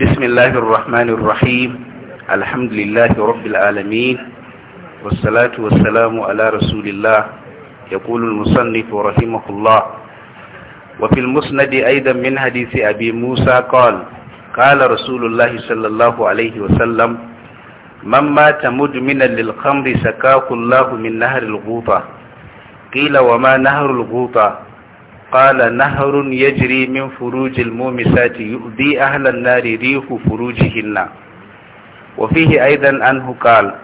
بسم الله الرحمن الرحيم الحمد لله رب العالمين والصلاة والسلام على رسول الله يقول المصنف رحمه الله وفي المسند أيضا من حديث أبي موسى قال قال رسول الله صلى الله عليه وسلم من مات مدمنا للخمر سكاه الله من نهر الغوطة قيل وما نهر الغوطة قال نهر يجري من فروج المومسات يؤذي أهل النار ريح فروجهن وفيه أيضا أنه قال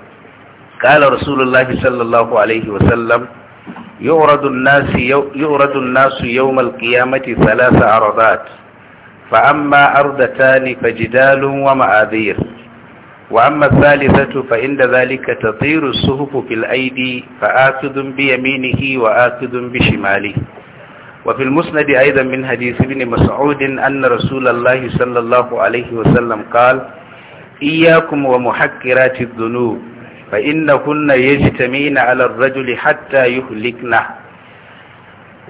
قال رسول الله صلى الله عليه وسلم يعرض الناس يعرض الناس يوم القيامة ثلاث عرضات فأما أرضتان فجدال ومآذير وأما الثالثة فعند ذلك تطير الصهف في الأيدي فآكد بيمينه وآكد بشماله وفي المسند أيضا من حديث ابن مسعود أن رسول الله صلى الله عليه وسلم قال إياكم ومحكرات الذنوب فإنهن يجتمين على الرجل حتى يهلكنه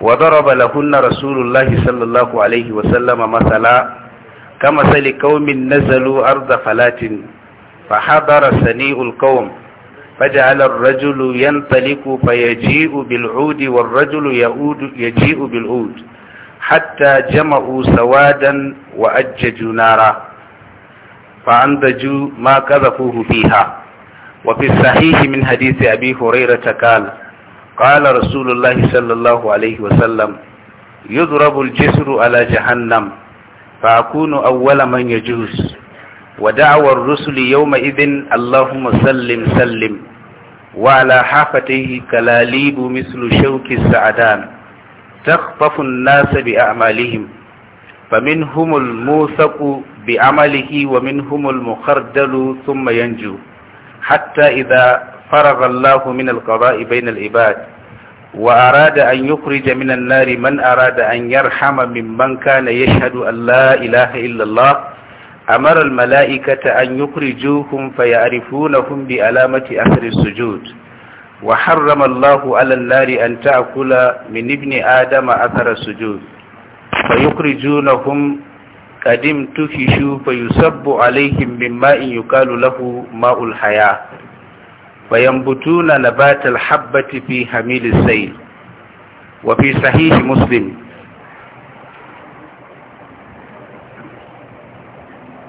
وضرب لهن رسول الله صلى الله عليه وسلم مثلا كمثل قوم نزلوا أرض فلات فحضر سنيء القوم فجعل الرجل ينطلق فيجيء بالعود والرجل يعود يجيء بالعود حتى جمعوا سوادا وأججوا نارا فأنضجوا ما قذفوه فيها وفي الصحيح من حديث أبي هريرة قال قال رسول الله صلى الله عليه وسلم يضرب الجسر على جهنم فأكون أول من يجوز ودعوى الرسل يومئذ اللهم سلم سلم وعلى حافته كلاليب مثل شوك السعدان تخطف الناس بأعمالهم فمنهم الموثق بعمله ومنهم المخردل ثم ينجو حتى إذا فرغ الله من القضاء بين العباد وأراد أن يخرج من النار من أراد أن يرحم ممن كان يشهد أن لا إله إلا الله A marar mala'ikata, an yukhrijuhum fayarifunahum bi alamati athari sujud wa harrama Allahu 'ala an-nari an ta'kula min ibni adama athara sujud fayukhrijunahum kadim tufishu fayusabbu alaihim min ma'in yukalu lahu ma'ul haya fayambutuna nabatal habbati fi hamilis sayl wa fi sahihi muslim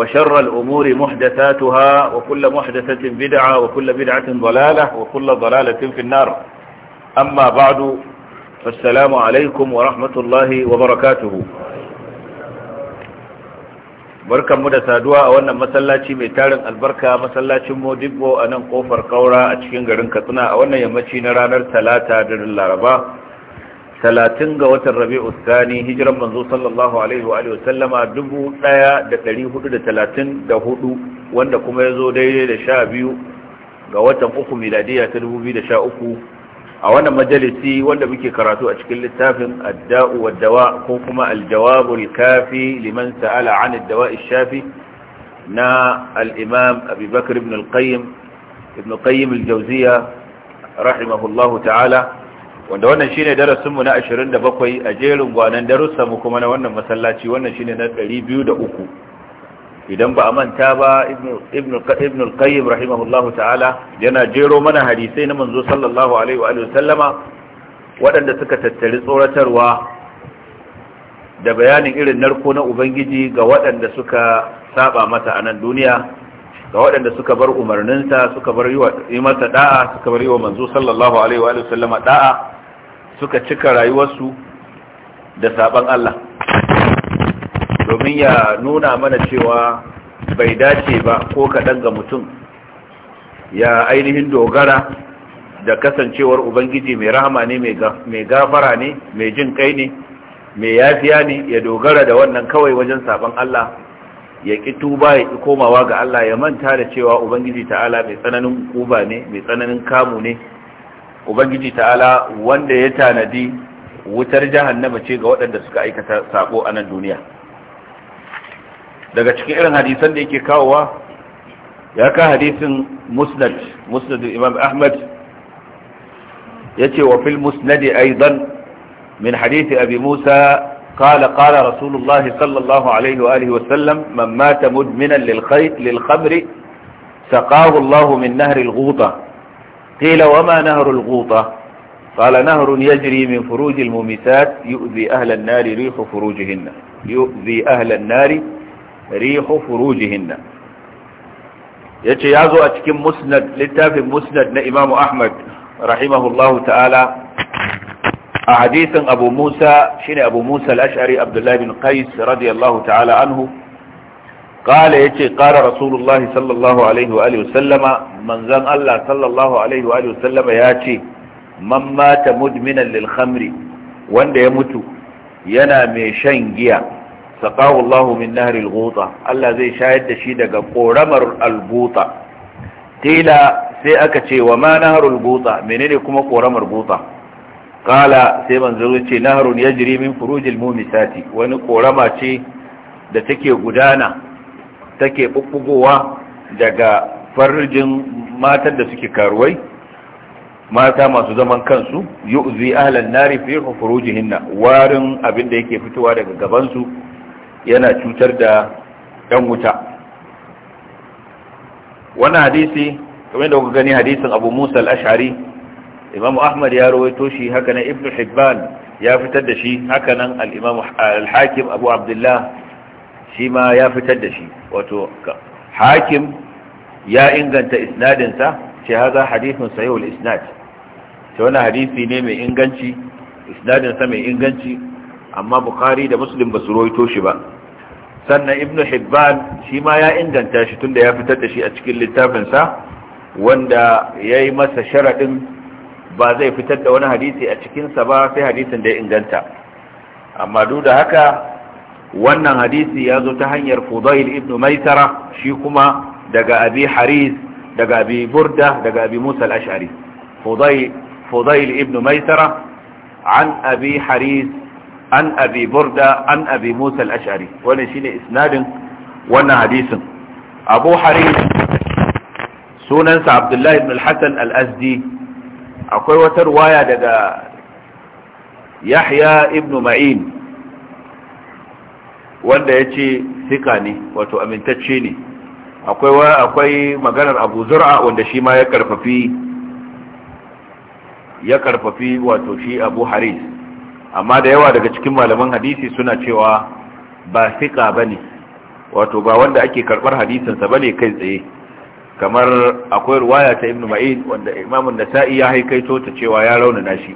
وشر الأمور محدثاتها وكل محدثة بدعة وكل بدعة ضلالة وكل ضلالة في النار أما بعد فالسلام عليكم ورحمة الله وبركاته barkan mu da saduwa a wannan masallaci mai tarin albarka masallacin modibbo a nan kofar kaura a cikin garin katsina a wannan yammaci na ranar talata da laraba talatin ga watan rabi'u tsani hijiran manzo sallallahu alaihi wa sallama dubu daya da dari hudu da talatin da hudu wanda kuma ya zo daidai da sha biyu ga watan uku miladiya ta dubu biyu da sha uku a wannan majalisi wanda muke karatu a cikin littafin adda'u wa dawa ko kuma aljawabu kafi liman sa'ala an addawa shafi na al-imam abubakar ibn al-qayyim ibn qayyim al-jawziya rahimahullahu ta'ala wanda wannan shine darasin mu na 27 a jerin gwanan darussan mu kuma na wannan masallaci wannan shine na 203 idan ba a manta ba ibn ibn al-qayyim rahimahullahu ta'ala yana jero mana hadisai na manzo sallallahu alaihi wa waɗanda suka tattari tsoratarwa da bayanin irin narko na ubangiji ga waɗanda suka saba masa a nan duniya ga waɗanda suka bar umarninsa suka bar yi masa da'a suka bar yi wa manzo sallallahu alaihi wa da'a suka cika rayuwarsu da saban Allah domin ya nuna mana cewa bai dace ba ko kaɗan ga mutum ya ainihin dogara da kasancewar ubangiji mai rahama ne mai gafara ne mai jin kai ne mai yafiya ne ya dogara da wannan kawai wajen saban Allah ya ƙi tuba ya komawa ga Allah ya manta da cewa ubangiji ta'ala mai tsananin kuba ne mai tsananin kamu ne ubangiji ta'ala wanda ya tanadi wutar jahannama ce ga waɗanda suka aikata sako a nan duniya daga cikin irin hadisan da yake kawowa ya ka hadisin musnad musnad imam ahmad yace wa fil musnad aidan min hadisi abi musa kala قال رسول الله صلى الله عليه وآله وسلم من مات مدمنا للخمر سقاه الله من قيل وما نهر الغوطة قال نهر يجري من فروج المميتات يؤذي أهل النار ريح فروجهن يؤذي أهل النار ريح فروجهن يتيازو أتكم مسند لتاف مسند نإمام أحمد رحمه الله تعالى أحديث أبو موسى شين أبو موسى الأشعري عبد الله بن قيس رضي الله تعالى عنه qala yace ƙara rasulullah sallallahu alaihi wa sallama manzon Allah sallallahu alaihi wa alihi sallama yace man mata mudminan lil wanda ya mutu yana mai shan giya saqahu Allah min nahri al Allah zai shayar da shi daga ƙoramar al-ghuta tila sai aka ce wa ma naharul buta menene kuma ƙoramar buta Ƙala sai manzo ce naharun yajri min furujil mumisati wani ƙorama ce da take gudana take bubbugowa daga farjin matan da suke karuwai mata masu zaman kansu yu'zi ahlan nari fi na warin abin da yake fitowa daga gabansu yana cutar da ɗan wuta wannan hadisi kamar da kuka gani hadisin abu musa al-ash'ari imamu ahmad ya rawaito shi haka nan ibnu hibban ya fitar da shi haka nan al-imam al-hakim abu abdullah shi ma ya fitar da shi wato hakim ya inganta isnadinsa ce haza hadithun sahihul isnad ce wani hadisi ne mai inganci isnadinsa mai inganci amma Bukhari da muslim ba su roito shi ba sannan ibnu hibban shi ma ya inganta shi tunda ya fitar da shi a cikin littafinsa wanda ya yi masa sharaɗin ba zai fitar da wani hadisi a cikinsa ba sai hadisin da ya inganta amma duk da haka wannan hadisi ya zo ta hanyar fudail ibn maisara shi kuma daga abi haris daga abi burda daga abi musa al-ash'ari fudail ibn maisara an abi haris an abi burda an abi musa al-ash'ari wannan shine isnadin wannan hadisin abu haris sunansa abdullahi ibn al-hasan al-azdi akwai wata ruwaya daga yahya ibn ma'in wanda ya ce sika ne wato amintacce ne akwai maganar abu zura wanda shi ma ya karfafi ya karfafi wato shi abu haris amma da yawa daga cikin malaman hadisi suna cewa ba sika ba ne wato ba wanda ake karbar hadisinsa ba ne kai tsaye kamar akwai ruwaya ta ibn ma'in wanda imamun nasa'i ya haikaito ta cewa ya raunana shi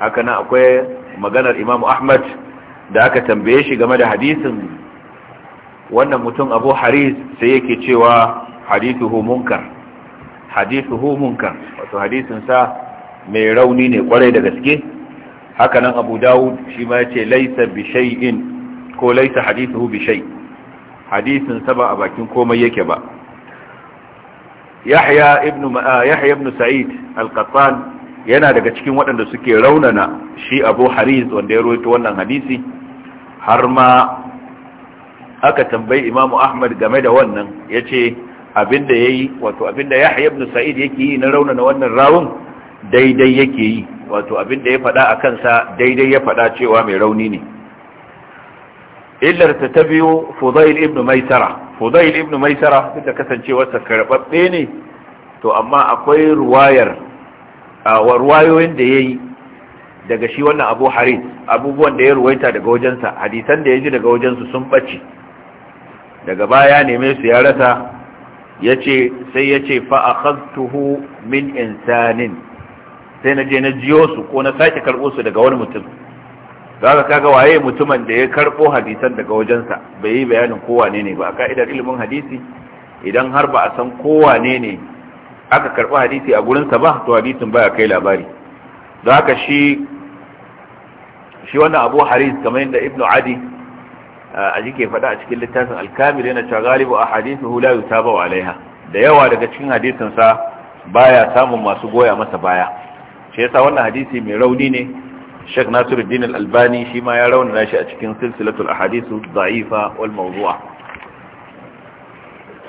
haka akwai maganar imamu ahmad da aka tambaye shi game da hadisin wannan mutum abu haris sai yake cewa hadithu munkar hadithu munkar wato hadisin sa mai rauni ne kwarai da gaske haka nan abu dawud shi ma yace laisa bi shay'in ko laisa hadithu bi shay hadisin ba a bakin komai yake ba yahya ibn ah, yahya ibn sa'id al-qattan yana daga cikin waɗanda suke raunana shi abu haris wanda ya rawaito wannan hadisi har ma aka tambayi imamu ahmad game da wannan ya ce abinda ya yi wato abinda ya ibn sa'id yake yi na na wannan rawun daidai yake yi wato abinda ya faɗa a kansa daidai ya faɗa cewa mai rauni ne illar ta ta biyu fudail ibn maisara fudail ibn maisara duk kasance kasancewarsa karɓaɓɓe ne to amma akwai ruwayar a ruwayoyin da ya yi daga shi wannan abu hari abubuwan da ya ruwaita daga wajensa hadisan da ya ji daga wajensu sun ɓace daga baya neme su ya rasa ya ce sai ya ce fa'akaztuhu min insanin sai na je na jiyo su ko na sake karɓo su daga wani mutum za kaga waye mutumin da ya karɓo hadisan daga wajensa bai yi bayanin kowane ne ba a ka'idar ilimin hadisi idan har ba a san kowane ne aka karɓi hadisi a gurinsa ba to hadisin baya kai labari za ka shi shi wannan abu haris kamar yadda ibnu adi eh, a jike faɗa a cikin littafin alkamil yana cewa galibu a hadithu la yutaba alaiha da yawa daga cikin hadisin sa baya samun masu goya masa baya shi yasa wannan hadisi mai rauni ne Sheikh Nasiru Al-Albani shi ma ya na shi a cikin silsilatul ahadithu zaifa wal mawdu'a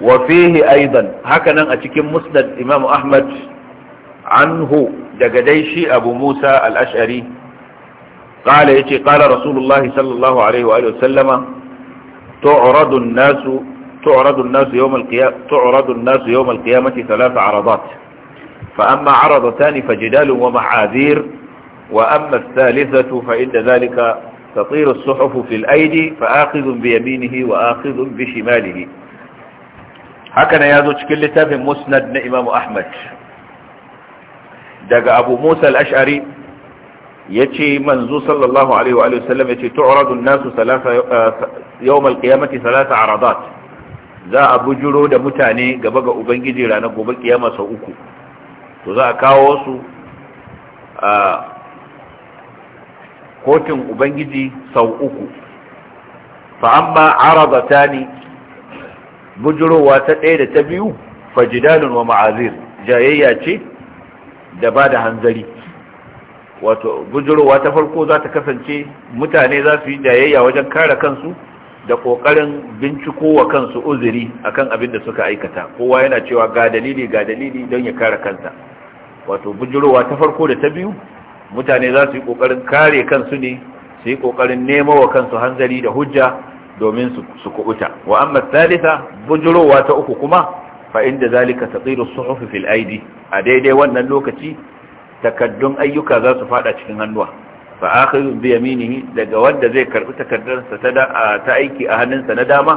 wa fihi aidan a cikin musnad Imam Ahmad anhu daga dai shi Abu Musa Al-Ash'ari قال يتي قال رسول الله صلى الله عليه وآله وسلم تعرض الناس تعرض الناس يوم القيامة تعرض الناس يوم القيامة ثلاث عرضات فأما عرضتان فجدال ومعاذير وأما الثالثة فإن ذلك تطير الصحف في الأيدي فآخذ بيمينه وآخذ بشماله هكذا يازو تشكل تافي مسند إمام أحمد دق أبو موسى الأشعري yace manzo sallallahu alaihi wa alihi sallam, yace tu'radu an-nasu thalatha uh, yawm al-qiyamati thalatha aradat za a bujuro da mutane gaba ga ubangiji ranar gobe kiyama sau uku to za a kawo su a uh, kotun ubangiji sau uku fa amma aradatani bujurowa ta ɗaya da ta biyu fajidalun wa ma'azir jayayya ce da ba da hanzari wato bujurowa ta farko za ta kasance mutane za su yi jayayya wajen kare kansu da kokarin binciko wa kansu uzuri akan abin da suka aikata kowa yana cewa ga dalili ga dalili don ya kare kansa wato bujurowa ta farko da ta biyu mutane za su yi kokarin kare kansu ne su yi kokarin nemo wa kansu hanzari da hujja domin su kubuta wa amma Salisa bujurowa ta uku kuma fa inda zalika tatiru suhuf fil aidi a daidai wannan lokaci takaddun ayyuka za su fada cikin hannuwa fa akhiru bi yaminihi daga wanda zai karbi takaddarsa ta ta aiki a hannunsa na dama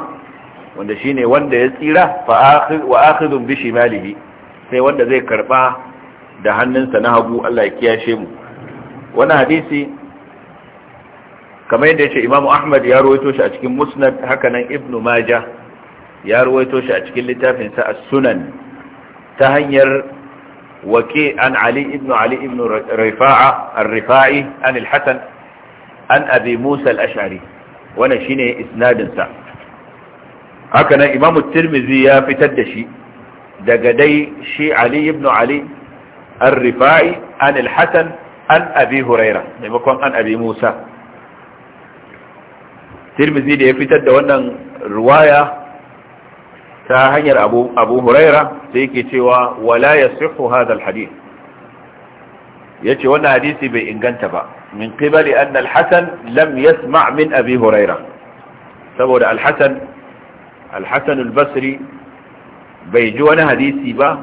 wanda shine wanda ya tsira fa akhiru wa akhiru bi shimalihi sai wanda zai karba da hannunsa na hagu Allah ya kiyashe mu wannan hadisi kamar yadda yace Imam Ahmad ya rawaito shi a cikin Musnad hakanan Ibn Majah ya rawaito shi a cikin littafin sa As-Sunan ta hanyar وكي عن علي بن علي بن رفاعة الرفاعي عن الحسن عن أبي موسى الأشعري ونشينه إسناد سعر هكذا إمام الترمذي يا فتدشي دقدي شي علي بن علي الرفاعي عن الحسن عن أبي هريرة نمكن عن أبي موسى الترمذي يا فتد وانا رواية ta hanyar abu abu huraira yake cewa wala yasihu hadha Ya ce wannan hadisi bai inganta ba min qibali anna alhasan lam yasma' min abi huraira saboda alhasan alhasan Basri bai ji wani hadisi ba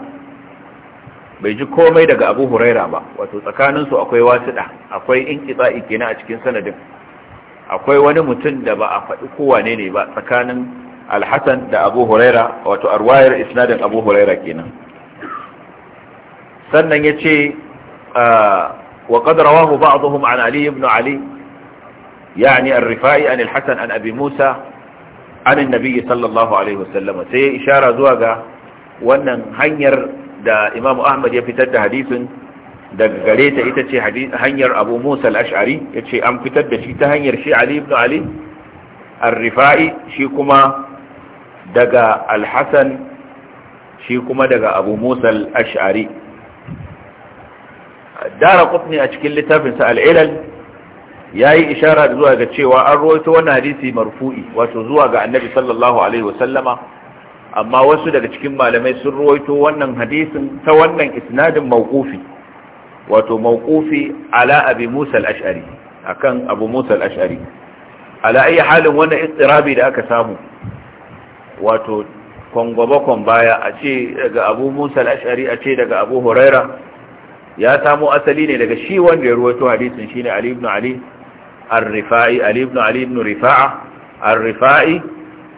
bai ji komai daga abu huraira ba wato tsakaninsu akwai wasuɗa akwai inkitsa'i kenan a cikin sanadin akwai wani mutum da ba a faɗi kowane ne ba tsakanin alhassan da abu huraira wato arwayar isnadin abu huraira kenan sannan ya ce ah, wa ƙadarawahu ba a zuhum an ali ibn ali ya ne an rifa'i an alhassan an abi musa an nabi sallallahu alaihi wasallam sai ya ishara zuwa ga wannan hanyar da imam ahmad ya fitar da hadisin daga gareta ita ce hanyar abu musa al'ashari ya ce an fitar da shi ta hanyar shi ali ibn ali الرفاعي شيكما daga alhassan shi kuma daga abu musal ash'ari dara kufni a cikin littafinsa al'ilal ya yi ishara zuwa ga cewa an roito wani hadisi marfu'i wato zuwa ga annabi sallallahu alaihi wasallama amma wasu daga cikin malamai sun roito wannan hadisin ta wannan isnadin mawqufi wato mawqufi ala abi musa ashari akan abu musa al-ash'ari ala ayi halin wannan istirabi da aka samu wato kwangwabakon baya a ce daga abu musa al'ashari a ce daga abu huraira ya samo asali ne daga shi wanda ya ruwato hadisin shi ne ali ibn ali al-rifa'i ali ibn ali ibn rifa'a al-rifa'i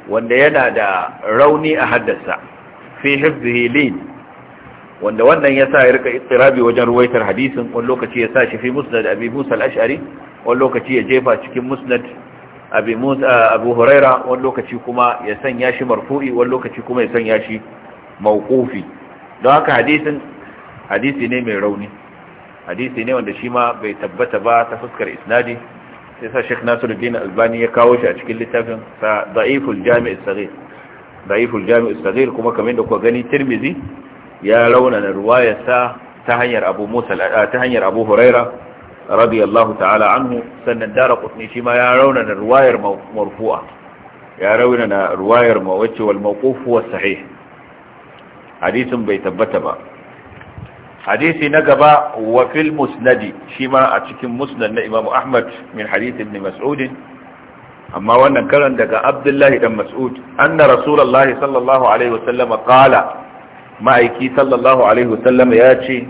wanda yana da rauni a haddasa fi hifzihi lin wanda wannan ya sa ya rika istirabi wajen ruwaitar hadisin wani lokaci ya sa shi fi musnad abi musa ashari wani lokaci ya jefa cikin musnad abi musa abu huraira wani lokaci kuma ya sanya shi marfu'i wani lokaci kuma ya sanya shi mawqufi don haka hadisin hadisi ne mai rauni hadisi ne wanda shi ma bai tabbata ba ta fuskar isnadi sai sa Sheikh din Albani ya kawo shi a cikin littafin sa Da'iful Jami' as-Saghir Da'iful Jami' as kuma kamar da kuwa gani Tirmizi ya rauna na ya sa ta hanyar Abu Musa ta hanyar Abu Huraira radiyallahu ta'ala anhu sannan dara kutni shi ma ya rauna da ruwayar marfu'a ya rauna da ruwayar mawacce wal mawquf wa sahih hadisin bai tabbata ba hadisi na gaba wa fil musnadi shi ma a cikin musnad na imamu ahmad min hadith ibn mas'ud amma wannan karan daga abdullahi dan mas'ud anna rasulullahi sallallahu alaihi wasallam qala ma'aiki sallallahu alaihi wasallam ya ce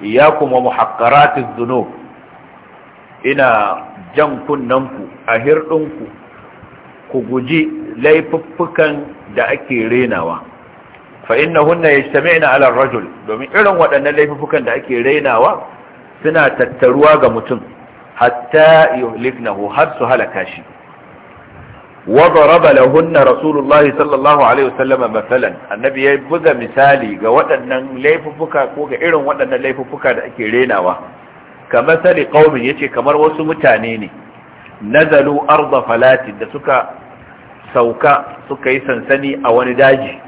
iyyakum wa muhaqqaratiz dhunub ina jan kunnanku a hirɗinku ku guji laifuffukan da ake renawa fa hunna yajtami'na 'ala ar-rajul domin irin waɗannan laifuffukan da ake renawa suna tattaruwa ga mutum hatta yuhliknahu har su halaka shi wa daraba lahunna rasulullahi sallallahu alaihi wasallam masalan annabi ya buga misali ga waɗannan laifuffuka ko ga irin waɗannan laifuffuka da ake renawa kamar sali ya yace kamar wasu mutane ne nazalu arda falatin da suka sauka suka yi sansani a wani daji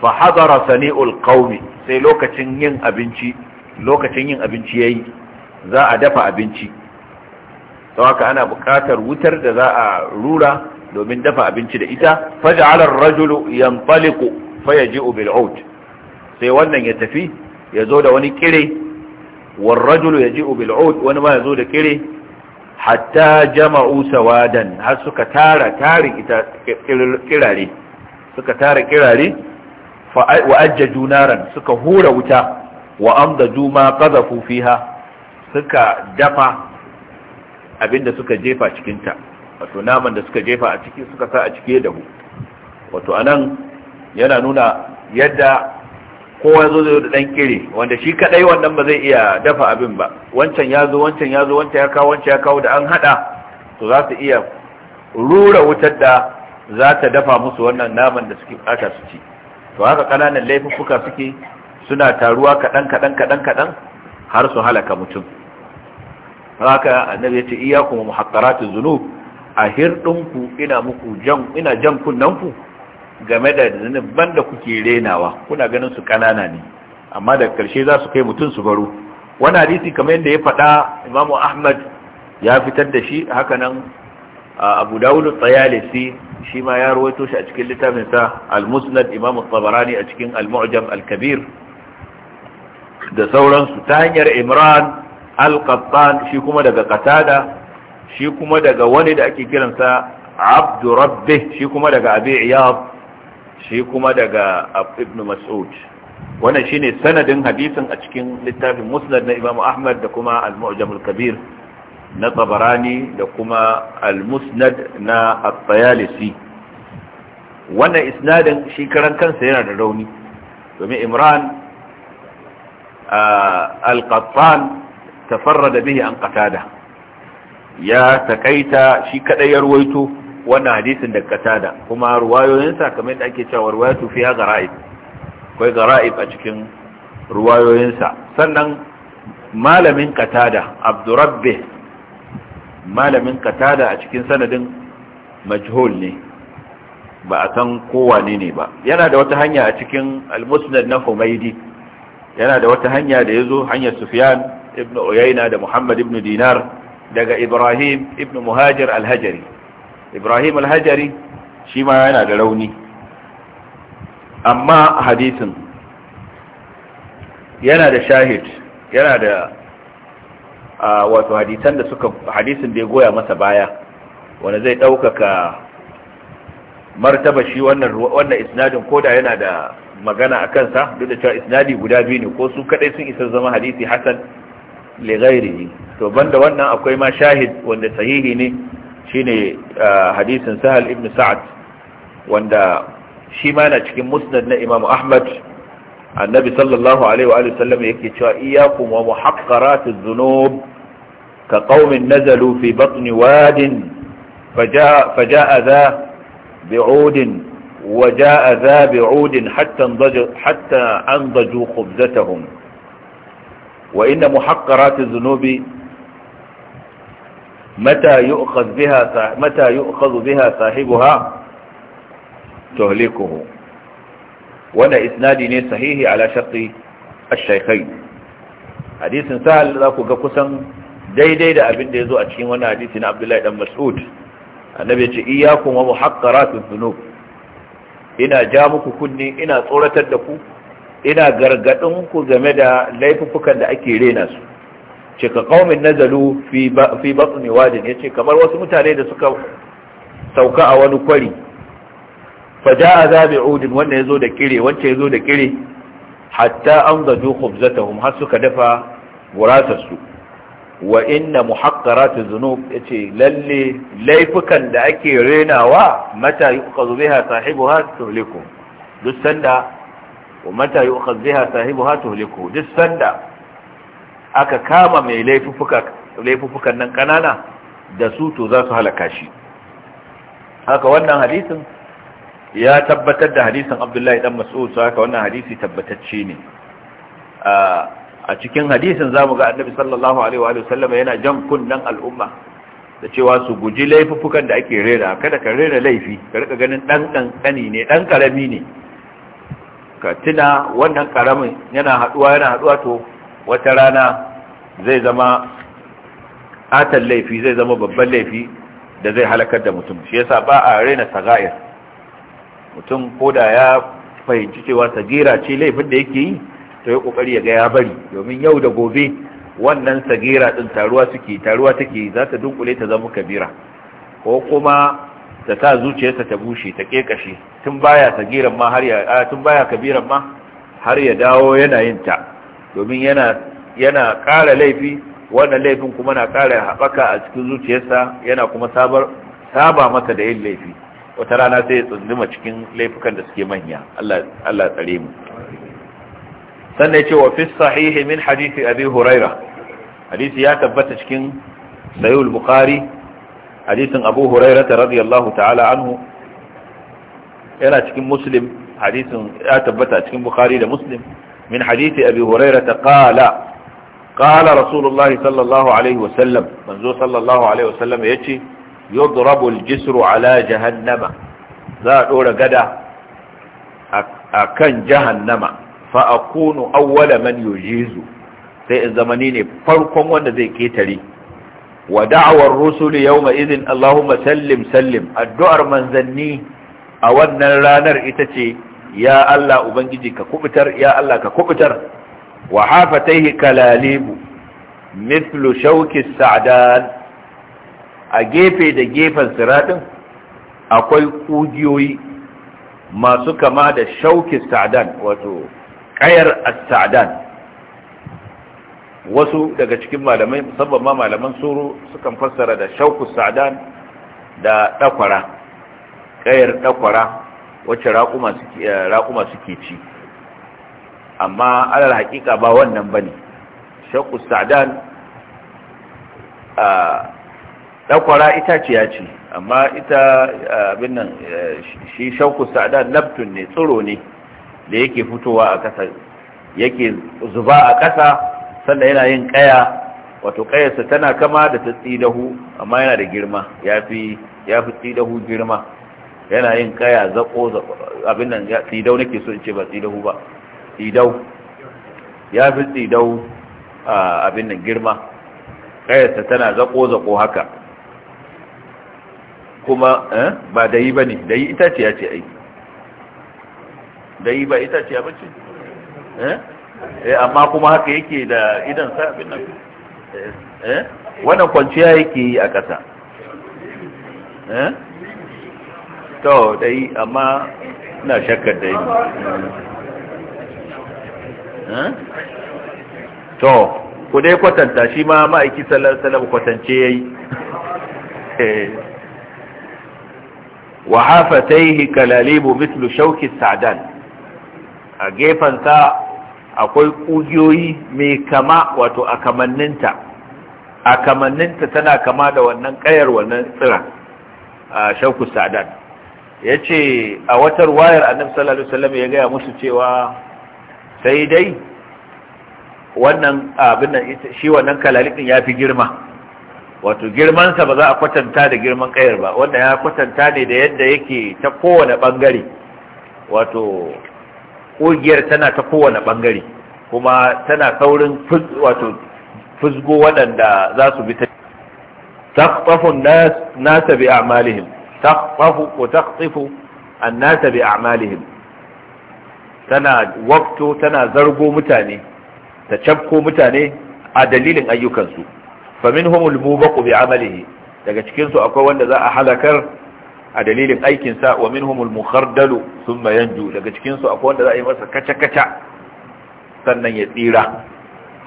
fa hadara sani'ul qaumi sai lokacin yin abinci lokacin yin abinci yayi za a dafa abinci don ana buƙatar wutar da za a rura domin dafa abinci da ita faj'ala ar-rajulu yanṭaliqu fayaji'u bil 'ud sai wannan ya tafi ya zo da wani kire warrajulu ya ji ud wani ma yazo da kire hatta jama'u sawadan har suka tara tarin ita suka tara kirare wa ajjaju suka hura wuta wa amdaju ma qadhafu suka dafa abinda suka jefa cikinta. wato naman da suka jefa a ciki suka sa a cike da hu wato anan yana nuna yadda kowa zo zai da dan kire wanda shi kadai wannan ba zai iya dafa abin ba wancan ya zo wancan ya zo wancan ya kawo wancan ya kawo da an hada to za su iya rura wutar da za ta dafa musu wannan naman da suke aka su ci to haka kananan laifuffuka suke suna taruwa kadan kadan kadan kadan har su halaka mutum haka annabi ya ce iyyakum muhaqqaratuz zunub a ina muku jan ina jan kunnanku game da zunuban da kuke renawa kuna ganin su kanana ne amma da karshe za su kai mutum su baro wani hadisi kamar yadda ya faɗa imam ahmad ya fitar da shi haka nan abu dawudu tsayalisi shi ma ya rawaito shi a cikin littafinsa al-musnad imamu tsabarani a cikin al-mu'jam al-kabir da sauransu ta hanyar imran al-qattan shi kuma daga qatada shi kuma daga wani da ake kiransa abdu rabbi shi kuma daga abi iyad shi kuma daga ibn mas'ud wannan shine sanadin hadisin a cikin littafin musnad na imam ahmad da kuma al-mu'jam al-kabir na tabarani da kuma al-musnad na at-tayalisi wannan isnadin shi karan kansa yana da rauni domin imran al-qattan tafarrada bihi an qatada ya takaita shi kadai ya ruwaito wannan hadisin da katada kuma ruwayoyinsa kamar da ake cewa ruwayatu fiya gara'ib akwai gara'ib a cikin ruwayoyinsa sannan malamin katada abdurabbe malamin katada a cikin sanadin majhul ne ba a san kowane ne ba yana da wata hanya a cikin almusnad na humaidi yana da wata hanya da ya zo hanyar sufiyan ibn uyaina da muhammad ibn dinar daga ibrahim ibn muhajir alhajari ibrahim alhajari shi ma yana da rauni amma hadisin yana da shahid yana da wato hadisan da suka hadisin da ya goya masa baya wanda zai ɗaukaka martaba shi wannan wannan isnadin koda yana da magana a kansa duk da cewa isnadi guda biyu ne ko su kadai sun isa zama hadisi hasan li ghairihi to banda wannan akwai ma shahid wanda sahihi ne shine hadisin sahal ibn sa'ad wanda shi ma na cikin musnad na imamu ahmad annabi sallallahu alaihi wa sallam yake cewa iyyakum wa muhaqqaratiz dhunub ka qaumin nazalu fi batni wadin faja'a faja'a za bi'udin وجاء ذا بعود حتى انضجوا, حتى أنضجوا خبزتهم وإن mata yu'khadh biha mata yu'khadh biha sahibuha tuhlikuhu wanda isnadi ne sahihi ala sharti ash-shaykhayn hadisin sahal za ku ga kusan daidai da abin da yazo a cikin wannan hadisi na Abdullahi dan Mas'ud annabi ya ce iyyakum wa muhaqqaratuz dhunub ina ja muku kunni ina tsoratar da ku ina gargadin ku game da laifukan da ake rena su ce ka qaumin nazalu fi batsuni wajen. Ya ce kamar wasu mutane da suka sauka a wani kwari a zabe Wannan wanda zo da kire ya zo da kire hatta an amdaju khubzatahum har suka dafa gurasarsu wa inna muhaqqaratu Ya ce lalle laifukan da ake renawa mata yuqazu biha sahibuha tuhliku duk sanda wa mata duk sanda aka kama mai laifuffukan nan kanana da su to za su halaka shi haka wannan hadisin ya tabbatar da hadisin abdullahi dan mas'ud haka wannan hadisi tabbatacce ne a cikin hadisin za mu ga annabi sallallahu alaihi wa sallam yana jan kunnan al'umma da cewa su guji laifukan da ake rera kada ka rera laifi ka rika ganin dan kankani ne dan karami ne ka tuna wannan karamin yana haduwa yana haduwa to wata rana zai zama atal laifi zai zama babban laifi da zai halakar da mutum shi yasa ba a raina saga'ir mutum ko da ya fahimci cewa sagira ce laifin da yake yi to ya kokari ya ga ya bari domin yau da gobe wannan sagira din taruwa suke taruwa take za ta dunkule ta zama kabira ko kuma ta sa zuciyarsa ta bushe ta kekashe tun baya sagiran ma har ya tun baya kabiran ma har ya dawo yana yin ta domin yana ƙara laifi wannan laifin kuma na ƙara haɓaka a cikin zuciyarsa yana kuma saba masa da yin laifi wata rana sai ya tsunduma cikin laifukan da suke manya Allah tsare mu sannan ce wa fi sahihi min hadisi abi huraira hadisi ya tabbata cikin sayul bukhari hadisin abu huraira ta radiyallahu ta'ala anhu yana cikin muslim hadisin ya tabbata cikin bukhari da muslim من حديث أبي هريرة قال قال رسول الله صلى الله عليه وسلم منذ صلى الله عليه وسلم يتي يضرب الجسر على جهنم ذا أقول قدا أكن جهنم فأكون أول من يجيز سيئن زمنيني فرقم وانا ذي كيتري ودعوى الرسل يومئذ اللهم سلم سلم الدعر من ذني أولنا لانر إتتي ya Allah ubangiji ka kubutar ya Allah ka kubutar wa hafataihi kalalibu mithlu shauki sa'dan a gefe da gefen siradin akwai kugiyoyi masu kama da shauki sa'dan wato kayar as-sa'dan wasu daga cikin malamai musamman ma malaman suru sukan fassara da shauku sa'dan da dakwara kayar dakwara wacce eh, raƙuma suke ci amma alal haƙiƙa ba wannan ba ne shakku sa'adan a eh, ɗakwara itaciya ce amma ita eh, abin nan shi shakku sa'adan labtun ne tsiro ne da yake fitowa a ƙasa yake zuba a ƙasa sannan yana yin ƙaya wato ƙayarsa tana kama da ta tsidahu amma yana da girma ya fi tsidahu girma yana yin kaya zaƙo abin nan tsidau nake so in ce ba tsidau ba tsidau ya fi tsidau abin nan girma kayarsa tana zaƙo-zaƙo haka kuma eh, ba da yi ba ne da yi ita ce ai da yi ba ya ba ce eh? eh amma kuma haka yake da idan sa abin nan eh, eh wannan kwanciya yake yi a ƙasa eh to dai amma ina shakkar dai to ku dai kwatanta shi ma ma'aiki sallallahu alaihi wasallam kwatance yayi eh. wa hafataihi kalalibu mithlu shauki sa'dan a gefansa akwai kugiyoyi mai kama wato a kamanninta a kamanninta tana kama da wannan kayar wannan tsira a shauku sa'dan ya ce a watar wayar annabi sallallahu alaihi wasallam ya gaya musu cewa sai dai wannan abin nan shi wannan kalalikin ya fi girma wato girmansa ba za a kwatanta da girman kayar ba wanda ya kwatanta ne da yadda yake ta kowane bangare wato ƙugiyar tana ta kowane bangare kuma tana saurin wato fusgo waɗanda za su bi ta taqtafun nas nasa bi a'malihim taqfahu wa taqtifu an-nas bi a'malihim tana wakto tana zargo mutane ta cafko mutane a ayyukansu bi daga cikin su akwai wanda za a halakar a dalilin aikinsa wa minhumul mukhardalu thumma yanju daga cikin su akwai wanda za a yi masa kaca kaca sannan ya tsira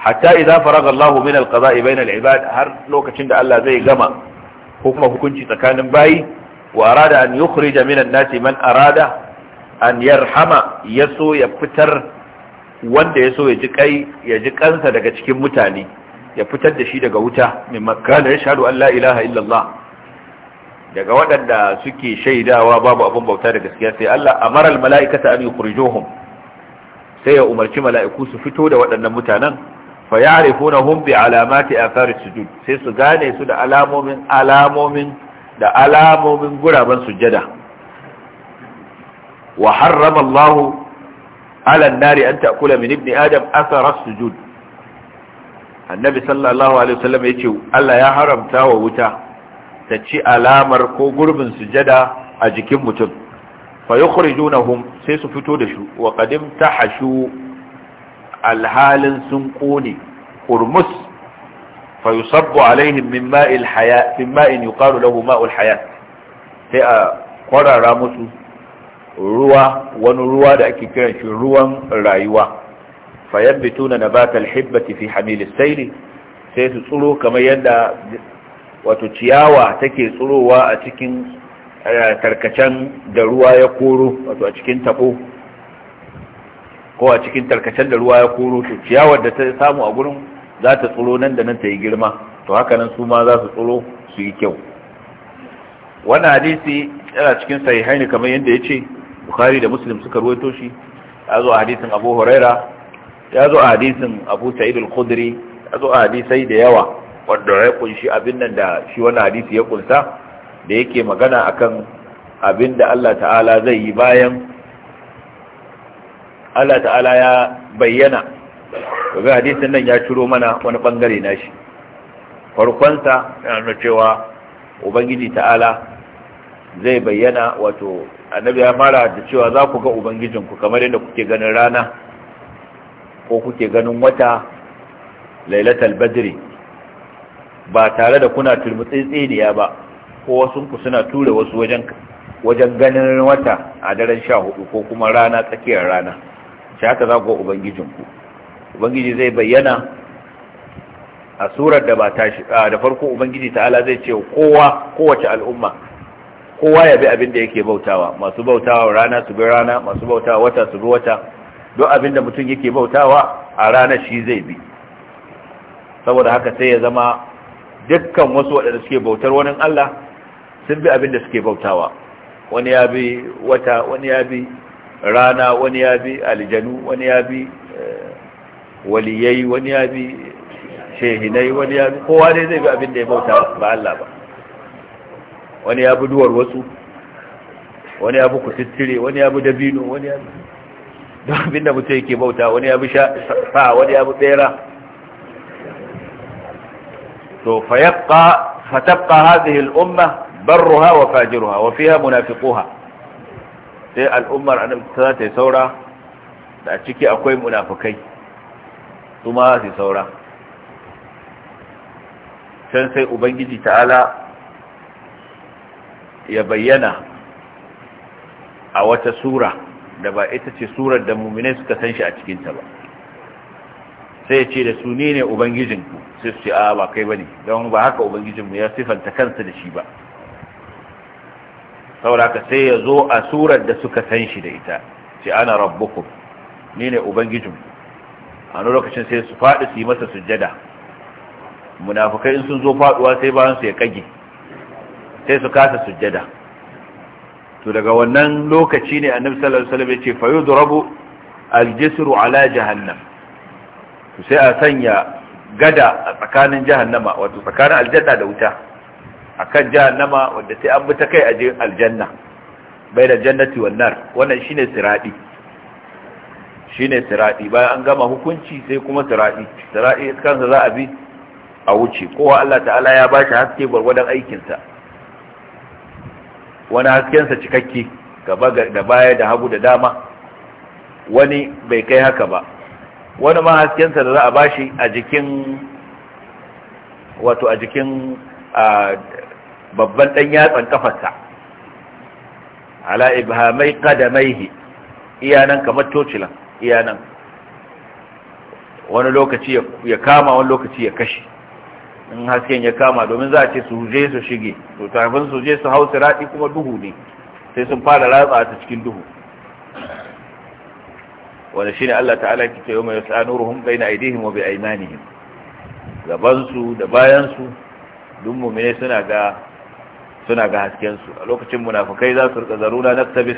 hatta idza faraga Allahu min alqada'i bayna al-ibad har lokacin da Allah zai gama hukuma hukunci tsakanin bayi wa arada an yukhrija minan nasi man arada an yarhama yaso ya fitar wanda ya ji kai ya ji kansa daga cikin mutane ya fitar da shi daga wuta min makana ya an Allah ilaha illallah daga waɗanda suke shaidawa babu abin bauta da gaskiya sai Allah amara mala'ikata an sai ya umarci mala'iku su fito da waɗannan mutanen fa ya'rifunahum bi alamati athari sujud sai su gane su da alamomin alamomin da alamomin guraben sujjada wa harrama Allah nari an ta'kula min ibni adam athara sujud annabi sallallahu alaihi wasallam yace Allah ya haramta wa wuta ta ci alamar ko gurbin sujjada a jikin mutum fa yukhrijunahum sai su fito da shu. wa qadim tahashu alhalin sun kone kurmus fa yusabbu alaihim min ma'il haya min ma'in yuqalu lahu ma'ul sai a kwarara musu ruwa wani ruwa da ake kiran shi ruwan rayuwa fa yabbituna nabata alhibbati fi hamil as sai su tsuro kamar yadda wato ciyawa take tsurowa a cikin tarkacen da ruwa ya koro wato a cikin tabo ko a cikin tarkacen da ruwa ya koro to ciyawar da ta samu a gurin za ta tsoro nan da nan ta yi girma to haka nan su ma za su tsoro su yi kyau wannan hadisi yana cikin sahihaini kamar yadda ya ce bukhari da muslim suka ruwaito shi ya zo a hadisin abu huraira ya zo a hadisin abu sa'id al-khudri ya zo a hadisai da yawa wanda ya kunshi abin nan da shi wannan hadisi ya kunsa da yake magana akan abin da Allah ta'ala zai yi bayan Allah ta'ala ya bayyana daga hadisin nan ya ciro mana wani bangare na shi? farkonsa yana nuna cewa ubangiji ta'ala zai bayyana wato annabi ya fara da cewa za ku ga ubangijinku kamar yadda kuke ganin rana ko kuke ganin wata lailatul badri ba tare da kuna turmutsitsiniya ba ko wasunku suna ture wasu wajen wajen ganin wata a daren sha hudu ko kuma rana tsakiyar rana shi haka za ku ga ubangijinku ubangiji zai bayyana a surar da ba tashi da farko ubangiji ta'ala zai ce kowa kowace al'umma kowa ya bi abin da yake bautawa masu bautawa rana su bi rana masu bautawa wata su bi wata duk abin da mutum yake bautawa a ranar shi zai bi saboda haka sai ya zama dukkan wasu waɗanda suke bautar wani Allah sun bi abin da suke bautawa wani ya bi wata wani ya bi rana wani ya bi aljanu wani ya bi eh, waliyai wani ya bi shehinai wani ya bi kowa ne zai bi abin da ya bauta ba Allah ba wani ya bi duwar wasu wani ya bi kusittire wani ya bi dabino wani ya bi don abin da mutum yake bauta wani ya bi sa wani ya bi bera to fayabqa fatabqa hadhihi al-umma barruha wa fajiruha wa fiha munafiquha sai al'ummar annabi ta ta saura da ciki akwai munafikai su ma su saura can sai ubangiji ta'ala ya bayyana a wata sura da ba ita ce surar da mummune suka san shi a cikinta ba sai ya ce da su ne ne ubangijinku sai su ce a ba kai ba ne don ba haka ubangijinmu ya sifanta kansa da shi ba sauraka sai ya zo a surar da suka san shi da ita ce ana rabbukum ni ne ubangijinku a wani lokacin sai su faɗi su yi masa sujjada munafukai in sun zo faɗuwa sai bayan su ya kage sai su kasa sujjada to daga wannan lokaci ne annabi sallallahu alaihi wasallam ya ce fa yudrabu aljisru ala jahannam to sai a sanya gada a tsakanin jahannama wato tsakanin aljanna da wuta akan jahannama wanda sai an bi ta kai aje aljanna bai da jannati wannan wannan shine siradi Shi ne siradi bayan an gama hukunci sai kuma siradi siradi kansa za a bi a wuce kowa Allah ta'ala ya ba shi haske gwargwadon aikinsa wani haskensa cikakke gaba da baya da hagu da dama wani bai kai haka ba wani ma haskensa da za a ba a jikin wato a jikin babban ɗan yatsan kafarsa ala ibhamai kadamaihi iyanan kamar tocilan iya nan wani lokaci ya kama wani lokaci ya kashe in hasken ya kama domin za a ce su je su shige to tafin su je su hau siraɗi kuma duhu ne sai sun fara ratsa ta cikin duhu wanda ne Allah ta'ala ke cewa mai sanuruhum baina aydihim wa bi aymanihim gaban su da bayan su duk suna ga suna ga hasken a lokacin munafukai za su riƙa zaruna naftabis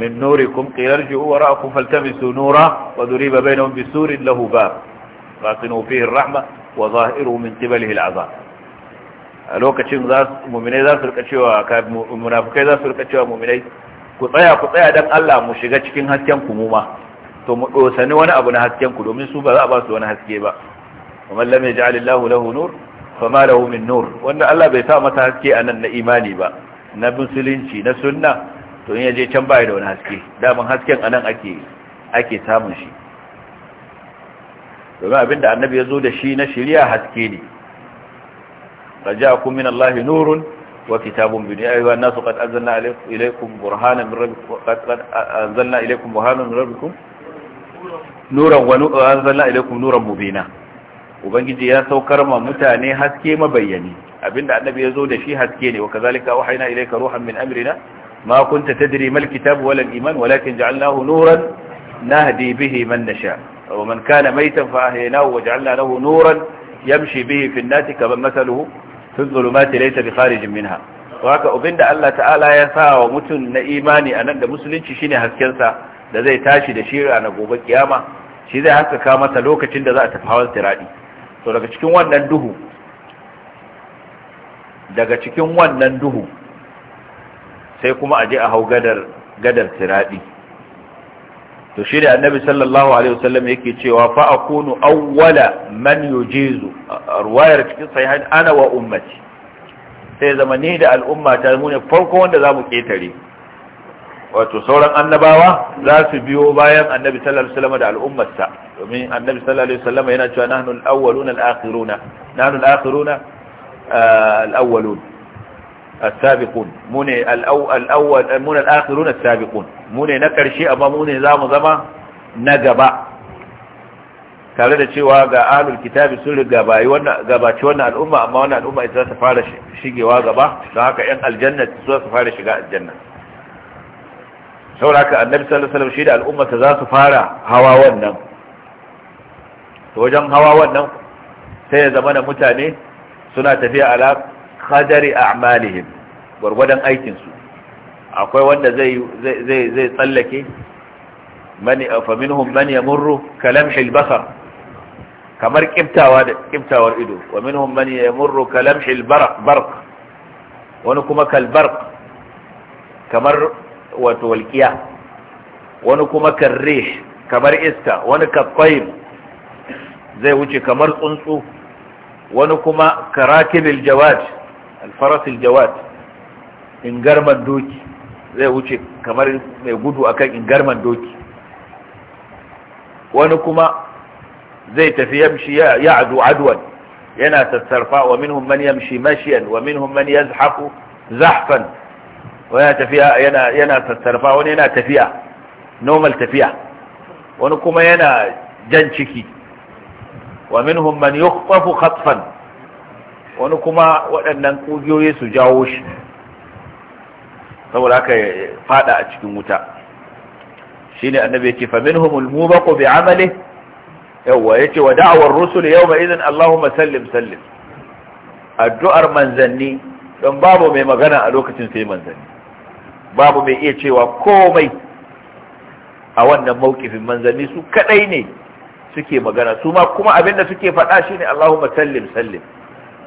من نوركم قيل ارجعوا وراءكم فالتمسوا نورا وضرب بينهم بسور له باب باطنه فيه الرحمة وظاهره من قبله العذاب a lokacin muminai za su rika cewa munafukai za su rika cewa muminai ku tsaya ku tsaya don Allah mu shiga cikin hasken ku mu to mu dosani wani abu na hasken ku domin su ba za a ba su wani haske ba kuma lam yaj'al Allahu lahu wanda Allah bai sa masa haske nan na imani ba na musulunci na sunna to in ya je can baya da wani haske daman hasken anan ake ake samun shi domin abinda annabi ya zo da shi na shirya haske ne raja'akum min allahi nurun wa kitabun bin ya ayyuhan nasu qad anzalna ilaykum burhanan min rabbikum qad anzalna ilaykum burhanan min rabbikum nuran wa anzalna ilaykum nuran mubina ubangiji ya saukar ma mutane haske mabayyani abinda annabi ya zo da shi haske ne wa kazalika wahaina ilayka ruhan min amrina ما كنت تدري ما الكتاب ولا الإيمان ولكن جعلناه نورا نهدي به من نشاء ومن كان ميتا فأهيناه وجعلنا له نورا يمشي به في الناس كمن مثله في الظلمات ليس بخارج منها وهكا أبند الله تعالى يسعى ومتن إيماني أنك مسلم شيني هكذا da zai tashi da shi a gobe kiyama shi zai haskaka masa lokacin da za a tafi hawan siradi to daga cikin wannan duhu daga cikin wannan duhu sai kuma a je a hau gadar gadar siradi to shi da annabi sallallahu alaihi wasallam yake cewa fa akunu awwala man yujizu ruwayar cikin sahihan ana wa ummati sai zama ni da al'umma ta mu ne farko wanda zamu ketare wato sauran annabawa za su biyo bayan annabi sallallahu alaihi wasallam da al'ummarsa domin annabi sallallahu alaihi wasallam yana cewa nahnu al-awwaluna al-akhiruna nahnu al-akhiruna ah, al-awwaluna as-sabiqun mu ne al-awwal mu ne al-akhirun as-sabiqun mu ne na karshe mu ne zamu zama na gaba da cewa ga ahlul kitabi sun riga wannan gabaci wannan al'umma amma wannan al'umma ita ta fara shigewa gaba don haka yan aljanna su za su fara shiga aljanna saboda haka annabi sallallahu alaihi wasallam shi da al'umma ta za su fara hawa wannan to wajen hawa wannan sai ya zama da mutane suna tafiya ala qadari a gurgudan aikin aikinsu. akwai wanda zai tsallake mani kamar ido wa minhum man wani kuma kalbarq kamar wato wani kuma kamar iska wani kafaim zai wuce kamar tsuntsu wani kuma karakibil jawad الفرس الجواد إن جرمان دوكي زي وشي كمار يقودوا أكاك إن جرمان دوكي ونكما زي تفيمشي يعدو عدوا ينا تتصرفا ومنهم من يمشي مشيا ومنهم من يزحف زحفا ويا تفيا ينا ينا تتصرفا وينا تفيا نوم التفيا ونكما ينا جنشكي ومنهم من يخطف خطفا wani kuma waɗannan ƙugiyoyi su jawo shi saboda haka ya fada a cikin wuta shine annabi yace fa minhumul mubaqu bi amali yawa Yau wa da'war rusul yawma idan Allahumma sallim sallim addu'ar manzanni don babu mai magana a lokacin sai manzanni babu mai iya cewa komai a wannan mawkifin manzanni su kadai ne suke magana su ma kuma abinda suke faɗa shine Allahumma sallim sallim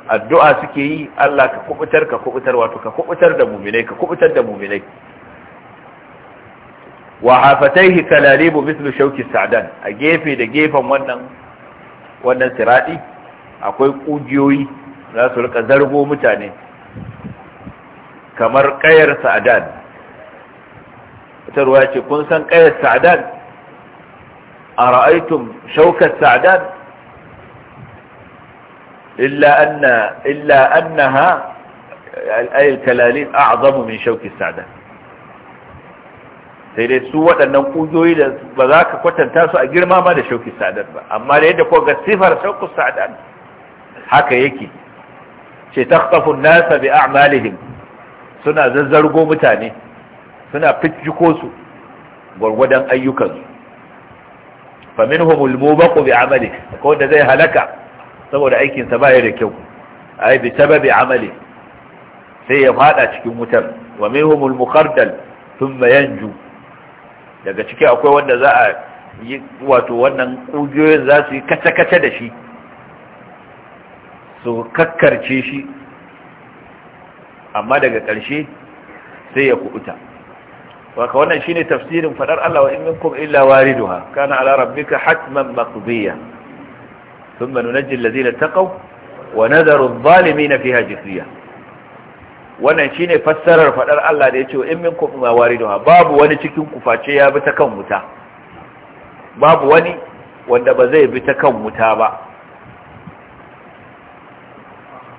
addu'a suke yi Allah ka kubutar ka kubutar wato ka kubutar da muminai ka kubutar da muminai wa hafataihi kalalibu mislu shauki sa'dan a gefe da gefen wannan wannan siradi akwai kujiyoyi za su rika zargo mutane kamar kayar sa'dan tarwa ce kun san kayar sa'dan ara'aytum shaukar sa'dan illa anna illa annaha ay al-kalalin min sai su waɗannan kujoyi da ba za ka kwatanta su a girma ma da shauki sa'adar ba amma da yadda ko ga sifar shauki sa'adar haka yake ce takhtafun nasa bi a'malihim suna zazzargo mutane suna fitjiko su gwargwadon ayyukansu faminhum almubaqu bi amali ko da zai halaka saboda aikinsa ba ya da kyau ai bi sababi amali sai ya fada cikin wutar wa minhumul mukhardal bayan ju. daga ciki akwai wanda za a yi wato wannan kugiyoyin za su yi kace-kace da shi su kakkarce shi amma daga ƙarshe sai ya kubuta waka wannan shine tafsirin faɗar Allah wa in minkum illa kana ala rabbika hatman maqdiya thumma nunajji allazina taqaw wa nadharu adh-dhalimin fiha jithiya wannan shine fassarar fadar Allah da yace in minkum ma wariduha babu wani cikin ku face ya bi ta kan wuta babu wani wanda ba zai bi ta kan wuta ba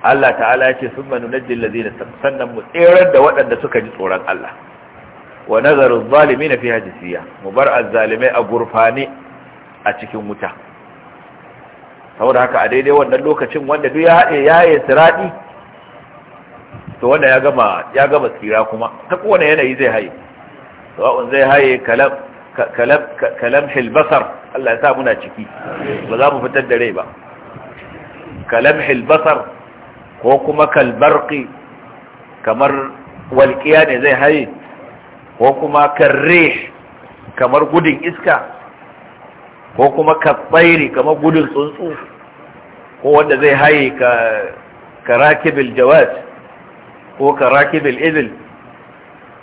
Allah ta'ala ya ce sun manu na jillazi na sannan mu tserar da waɗanda suka ji tsoron Allah wa nazarin zalimi na fi hajjisiya mu bar azzalimai a gurfane a cikin wuta saboda haka a daidai wannan lokacin wanda duk ya haɗe ya yi siraɗi to wanda ya gama ya tsira kuma ta kowane yanayi zai haye sawa'un zai haye kalam hilbasar Allah ya sa muna ciki ba za mu fitar da rai ba kalam hilbasar ko kuma kalbarqi kamar walƙiya ne zai haye ko kuma kare kamar gudun iska ko kuma ka tsairi kamar gudun tsuntsu ko wanda zai haye ka rakibil jawaz ko ka rakibil izil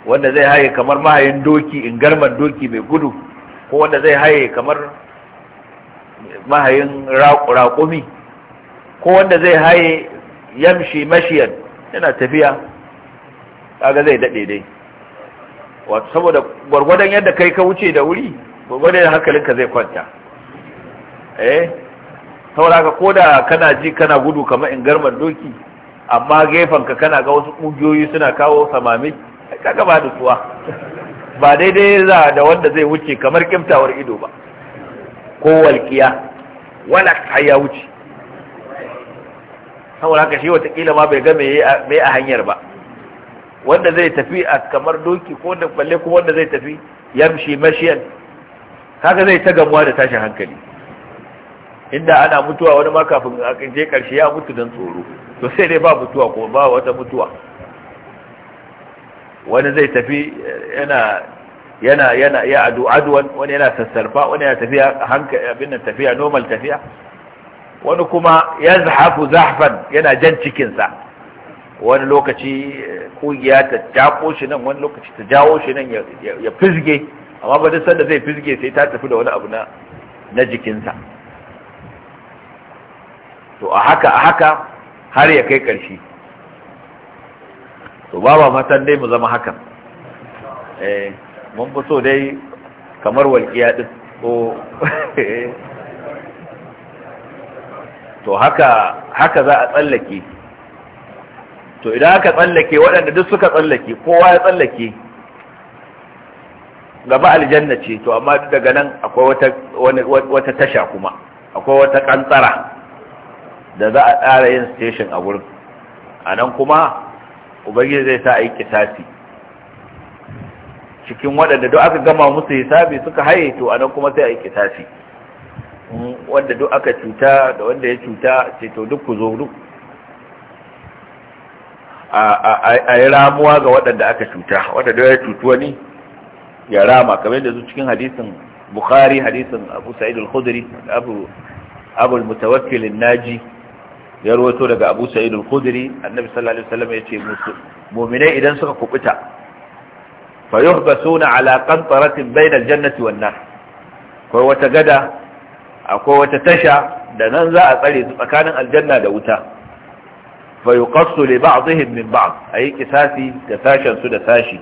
wanda zai haye kamar mahayin doki in garman doki mai gudu ko wanda zai haye kamar mahayin raƙumi ko wanda zai haye yamshi mashiyan yana tafiya kaga zai daɗe dai wato saboda gwargwadon yadda kai ka wuce da wuri gwagwade da hankalinka zai kwanta eh sauraka ko da kana ji kana gudu kamar in garman doki amma ka kana ga wasu ƙungiyoyi suna kawo samami kaga ba da tuwa ba daidai za da wanda zai wuce kamar kimtawar ido ba ko walƙiya wala ya wuce saboda haka shi watakila ma bai ga me a hanyar ba wanda zai tafi a kamar doki ko wanda balle ko wanda zai tafi yamshi mashiyan kaga zai ta gamuwa da tashin hankali inda ana mutuwa wani ma kafin a je karshe ya mutu don tsoro to sai dai ba mutuwa ko ba wata mutuwa wani zai tafi eh, yana yana yana ya adu aduwan wani yana sassarfa wani yana tafiya hankali abin nan tafiya normal tafiya wani kuma ya zahafu zahfan yana jan cikinsa wani lokaci kugiya eh, ta jabo shi nan wani lokaci ta jawo shi nan ya fizge amma ba duk sanda zai fizge sai ta tafi da wani abu na na jikinsa to a haka a haka har ya kai ƙarshe to ba ba matan dai mu zama hakan eh mun fi so dai kamar walƙiya ɗin ko to haka haka za a tsallake to idan aka tsallake waɗanda duk suka tsallake kowa ya tsallake gaba aljanna ce to amma daga nan akwai wata tasha kuma akwai wata kantsara da za a tsara yin station a gurin a nan kuma ubangiji zai sa a yi cikin waɗanda duk aka gama musu hisabi suka haye to a nan kuma sai a yi wanda duk aka cuta da wanda ya cuta ce to duk ku zo duk a a ramuwa ga waɗanda aka cuta wanda duk ya cutu wani ya rama kamar da su cikin hadisin bukhari hadisin abu sa'id al-khudri abu abu al-mutawakkil naji ya rawato daga abu sa'id al-khudri annabi sallallahu alaihi wasallam yace mu'minai idan suka kubuta fa yuhbasuna ala qantaratin bayna al-jannati wan-nar wata gada akwai wata tasha da nan za a tsare su tsakanin aljanna da wuta fa yuqassu li ba'dihim min ba'd ayi kisasi da sashen su da sashi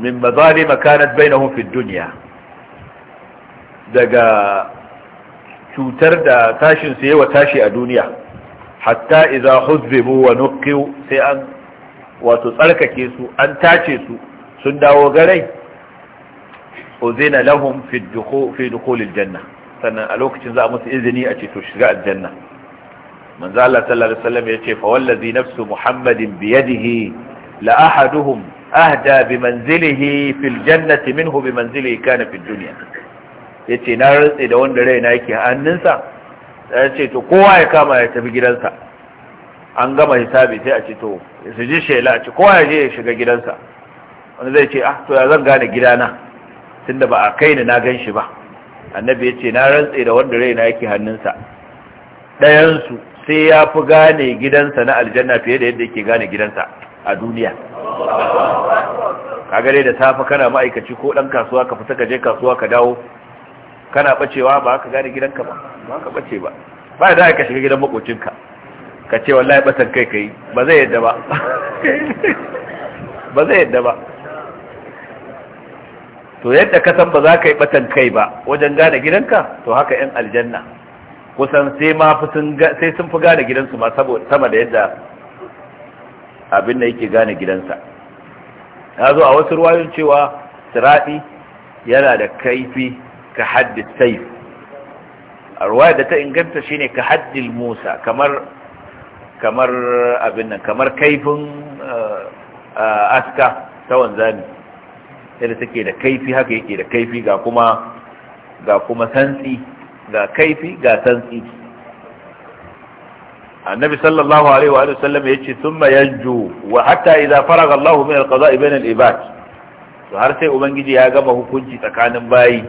min mazalim kanat bainahum fi duniya. daga cutar da tashin su yawa tashi a duniya hatta iza huzbibu wa nuqiu sai an wato tsarkake su an tace su sun dawo garai uzina lahum fi dukhul fi janna sannan a lokacin za a musu izini a ce to shiga aljanna manzo Allah sallallahu alaihi wasallam yace fa wallazi nafsu muhammadin bi yadihi la ahaduhum ahda bi manzilihi fil jannati minhu bi manzilihi kana fid dunya yace na rantse da wanda raina yake hannunsa ce to kowa ya kama ya tafi gidansa an gama hisabi sai a ce to su ji shela a ce kowa ya je ya shiga gidansa wani zai ce ah to ya zan gane gidana tunda ba a kai ni na gan shi ba annabi yace na rantse da wanda raina yake hannunsa ɗayansu sai ya fi gane gidansa na aljanna fiye da yadda yake gane gidansa a duniya kagare da tafi kana ma'aikaci ko ɗan kasuwa ka fita ka je kasuwa ka dawo kana ɓacewa ba ka gane gidanka ba ba ka ɓace ba ba da ka shiga gidan makocinka ka ce wallahi ɓatan kai kai ba zai yadda ba ba zai yadda ba to yadda ka san ba za ka yi ɓatan kai ba wajen gane gidanka to haka yan aljanna kusan sai ma fi sai sun fi gane gidansu ma sama da yadda abin da yake gane gidansa ya zo a wasu ruwayun cewa siradi yana da kaifi ka haddi saif a ruwaya da ta inganta shi ne ka haddil musa kamar kamar abin nan kamar kaifin eh, eh, aska ta wanzami yadda take da kaifi haka yake da kaifi ga kuma ga kuma santsi ga kaifi ga santsi annabi sallallahu alaihi wa sallam yace thumma yanju wa hatta idza faraga Allahu min alqada'i bayna al-ibad to har sai ubangiji ya gama hukunci tsakanin bayi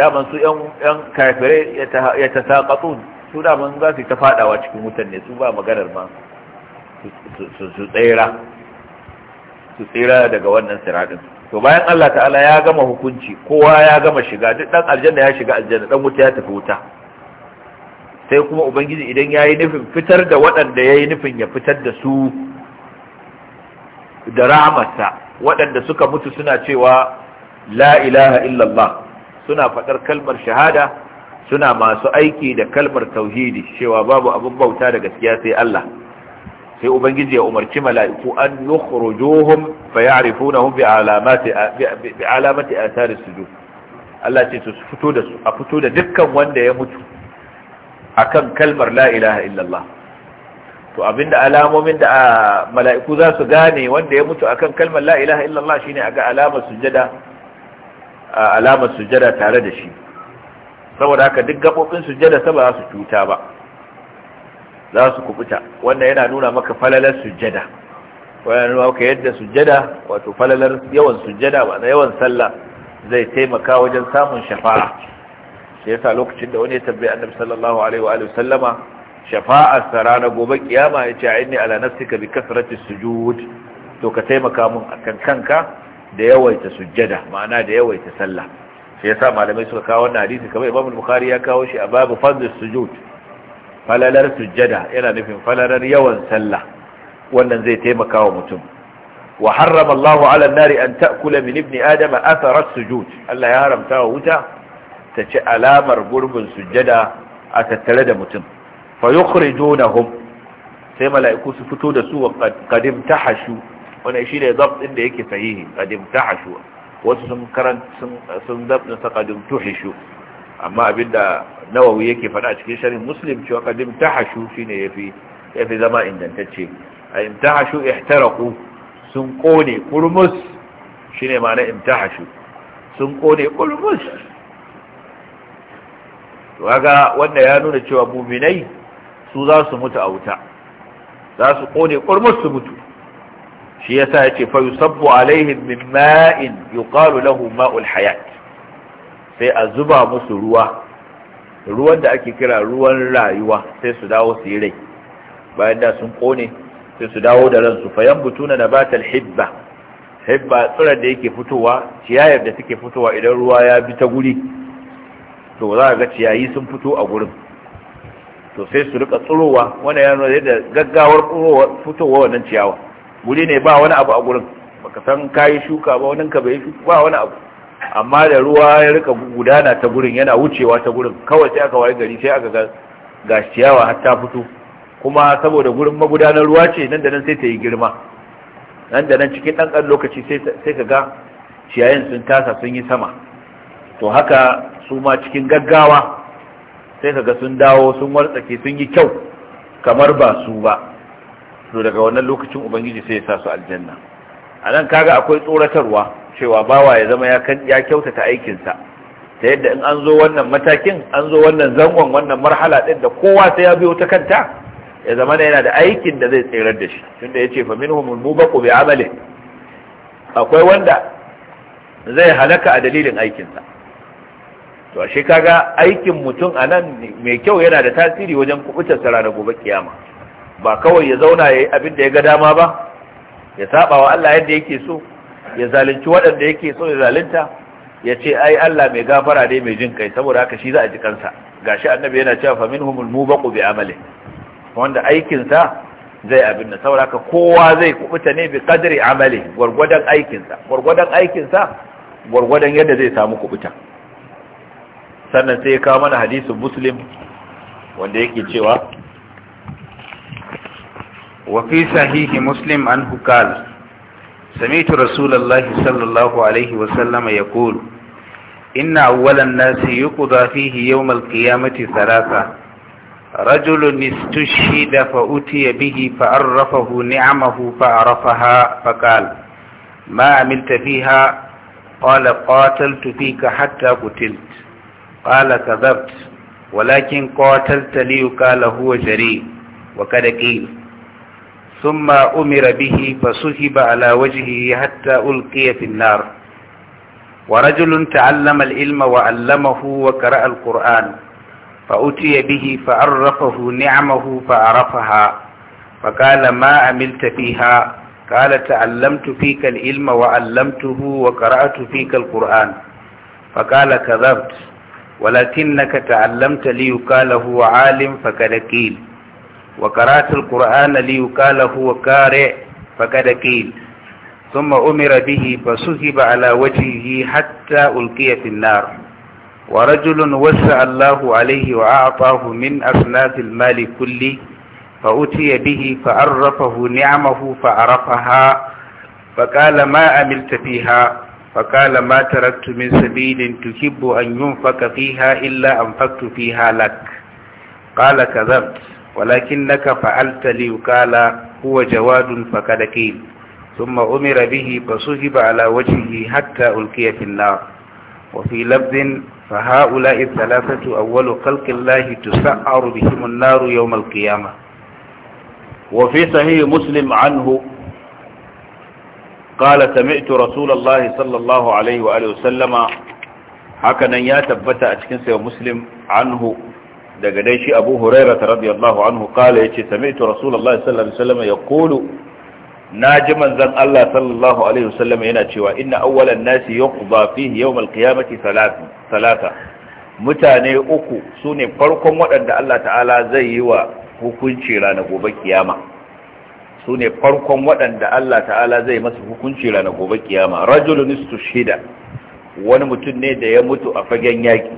daman su yan yan kafirai ya tasaqatun su man za su ta fadawa cikin wutan ne su ba maganar ma su tsira su tsira daga wannan siradin to bayan Allah ta'ala ya gama hukunci kowa ya gama shiga duk dan aljanna ya shiga aljanna dan wuta ya tafi wuta sai kuma ubangiji idan ya yi nufin fitar da waɗanda ya yi nufin ya fitar da su da rahamarsa waɗanda suka mutu suna cewa la ilaha illallah suna faɗar kalmar shahada suna masu aiki da kalmar tauhidi cewa babu abin bauta da gaskiya sai Allah sai ubangiji ya umarci mala'iku an nukhrujuhum fa ya'rifunahum bi alamati bi alamati athari sujud Allah ce su fito da su a fito da dukkan wanda ya mutu akan kalmar la ilaha illallah to abinda alamomin da ah, mala'iku za su gane wanda ya mutu akan kalmar la ilaha illallah shine aga alamar sujada alamar sujada tare da shi saboda haka duk gabobin sujada saboda za su cuta ba za su kubuta wannan yana nuna maka falalar sujada wannan nuna maka yadda sujada wato falalar yawan sujada ba yawan sallah zai taimaka wajen samun shafa'a shi yasa lokacin da wani ya tambaye annabi sallallahu alaihi wa alihi sallama shafa'ar sa ranar gobe kiyama yace a inni ala nafsika bi kasrati sujud to ka taimaka mun akan kanka da yawaita sujjada ma'ana da yawaita sallah shi yasa malamai suka kawo wannan hadisi kamar Imam Bukhari ya kawo shi a babu fadlus sujud falalar sujjada yana nufin falalar yawan sallah wannan zai taimaka wa mutum wa harrama Allahu ala an-nari an ta'kula min ibni adama athara sujud Allah ya haramta wa wuta ta ci alamar gurbin sujjada a tattare da mutum fa yukhrijunahum sai mala'iku su fito da su wa qadim tahashu wannan shine zabt din da yake sahihi qadim tahashu wasu sun karanta sun sun zabt sa qadim tuhishu amma abinda nawawi yake faɗa cikin sharhin muslim cewa qadim tahashu shine yafi yafi zama ingantacce a imtahashu ihtaraqu sun kone kurmus shine ma'ana imtahashu sun kone kurmus to kaga wanda ya nuna cewa mu'minai su za su mutu a wuta za su kone kurmus su mutu shi yasa yace fa yusabbu alaihim min ma'in yuqalu lahu ma'ul hayat sai a zuba musu ruwa ruwan da ake kira ruwan rayuwa sai su dawo su yi rai bayan da sun kone sai su dawo da ransu fayan butuna na batal hibba hibba tsirar da yake fitowa ciyayar da take fitowa idan ruwa ya bi ta guri to za ga ciyayi sun fito a gurin to sai su rika tsirowa wani ya nuna da gaggawar fitowa wannan ciyawa guri ne ba wani abu a gurin baka san kayi shuka ba wani ka bai shuka ba wani abu amma da ruwa ya rika gudana ta gurin yana wucewa ta gurin kawai sai aka waye gari sai aka ga ga ciyawa har ta fito kuma saboda gurin magudanar ruwa ce nan da nan sai ta yi girma nan da nan cikin ɗan lokaci sai ka ga ciyayin sun tasa sun yi sama to haka su ma cikin gaggawa sai kaga sun dawo sun wartsake sun yi kyau kamar ba su ba to daga wannan lokacin ubangiji sai ya sa su aljanna a nan kaga akwai tsoratarwa cewa bawa ya zama ya kyautata aikinsa ta yadda in an zo wannan matakin an zo wannan zangon wannan marhala ɗin da kowa sai ya biyo ta kanta ya zama yana da aikin da zai tserar da shi tunda ya ce fa min mu bako bi amale akwai wanda zai halaka a dalilin aikinsa to ashe kaga aikin mutum a nan mai kyau yana da tasiri wajen kubutar sara gobe kiyama ba kawai ya zauna ya yi abin da ya ga dama ba ya saba wa Allah yadda yake so ya zalunci waɗanda yake so ya zalunta ya ce ai Allah mai gafara dai mai jin kai saboda haka shi za a ji kansa gashi annabi yana cewa fa minhumul mubaqu bi amali wanda aikin sa zai abin nan saboda haka kowa zai kubuta ne bi qadri amali gurgudan aikin sa gurgudan aikin sa gurgudan yadda zai samu kubuta sannan sai ya kawo mana hadisin muslim wanda yake cewa Wafi sahihi muslim an hukal sami'tu rasulullahi sallallahu alaihi wa sallam yaqul inna awwalan nasi yuqda fihi yawm al-qiyamati thalatha رجل استشهد فأتي به فعرفه نعمه فعرفها فقال fakal. Ma'amil فيها قال قاتلت فيك حتى قتلت قال كذبت ولكن قاتلت ليقال هو جريء وقد قيل ثم أمر به فسحب على وجهه حتى ألقي في النار ورجل تعلم العلم وعلمه وقرأ القرآن فأتي به فعرفه نعمه فعرفها فقال ما عملت فيها قال تعلمت فيك العلم وعلمته وقرأت فيك القرآن فقال كذبت ولكنك تعلمت ليقال هو عالم فقد قيل وقرأت القرآن ليقال هو قارئ فقد قيل ثم أمر به فسحب على وجهه حتى ألقي في النار ورجل وسع الله عليه وأعطاه من أصناف المال كله فأتي به فعرفه نعمه فعرفها فقال ما عملت فيها فقال ما تركت من سبيل تحب أن ينفق فيها إلا أنفقت فيها لك قال كذبت ولكنك فعلت لي قال هو جواد فقد قيل ثم أمر به فصهب على وجهه حتى ألقي في النار وفي لفظ فهؤلاء الثلاثة أول خلق الله تسعر بهم النار يوم القيامة وفي صحيح مسلم عنه قال سمعت رسول الله صلى الله عليه وآله وسلم haka nan ya tabbata a cikin sayo muslim anhu daga dai shi abu huraira ta radiyallahu anhu kala yace ce sami'tu rasulullah sallallahu alaihi wasallam ya kulu naji manzon Allah sallallahu alaihi wasallam yana cewa inna awwalan nasi yuqda fihi yawm alqiyamati salasa mutane uku sune farkon wadanda Allah ta'ala zai yi wa hukunci ranar gobe kiyama su ne farkon waɗanda Allah ta'ala zai masa hukunci ranar gobe kiyama rajulun istushida wani mutum ne da ya mutu a fagen yaki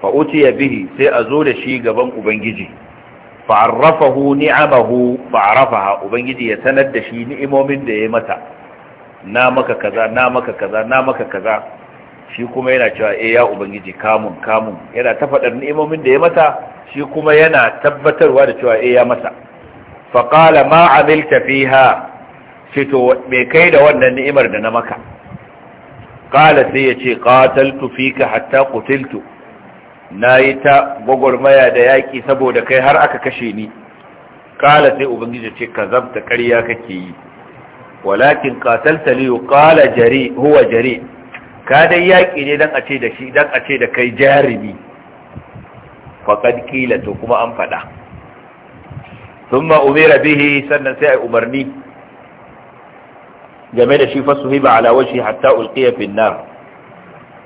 fa ya bihi sai a zo da shi gaban ubangiji fa arrafahu ni'amahu fa ubangiji ya sanar da shi ni'imomin da ya mata na maka kaza na maka kaza na maka kaza shi kuma yana cewa eh ya ubangiji kamun kamun yana ta faɗar ni'imomin da ya mata shi kuma yana tabbatarwa da cewa eh ya masa faƙala ma amilta fiha fito mai kai da wannan ni'imar da na maka ƙala sai ya ce ƙataltu fika hatta kutiltu na yi ta gwagwarmaya da yaƙi saboda kai har aka kashe ni ƙala sai ubangiji ce ka zamta ƙarya kake yi walakin ƙatalta liyu ƙala jari huwa jari ka dai yaƙi ne don a ce da shi don a ce da kai jarumi faƙad ƙila to kuma an faɗa thumma umira bihi sannan sai ai umarni game da shi fasuhiba ala wajhi hatta ulqiya fi nar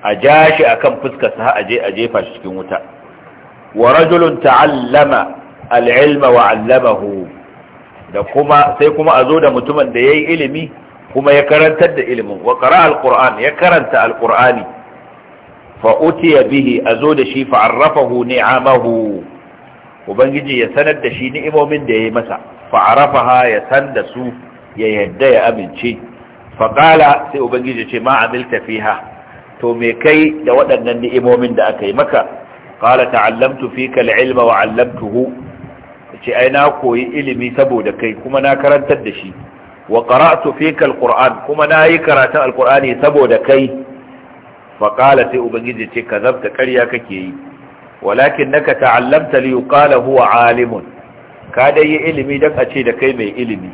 a jashi akan fuskar sa aje a jefa shi cikin wuta wa rajulun ta'allama al'ilma, ilma wa 'allamahu da kuma sai kuma a zo da mutumin da ya yi ilimi kuma ya karantar da ilimin wa qara'a al-qur'an ya karanta al-qur'ani fa bihi a zo da shi fa arrafahu ni'amahu ubangiji ya sanar da shi ni'imomin da ya yi masa fa'arafaha ya san da su ya yadda ya amince faƙala sai ubangiji ce ma amilta fiha to me kai da waɗannan ni'imomin da aka yi maka ƙala ta'allamtu fika al wa 'allamtuhu ce ai na koyi ilimi saboda kai kuma na karantar da shi wa qara'tu fika al-qur'an kuma na yi karatun al-qur'ani saboda kai faƙala sai ubangiji ce kazabta ƙarya kake yi walakin naka ta li yuqala huwa alimun ka yi ilimi dan a ce da kai mai ilimi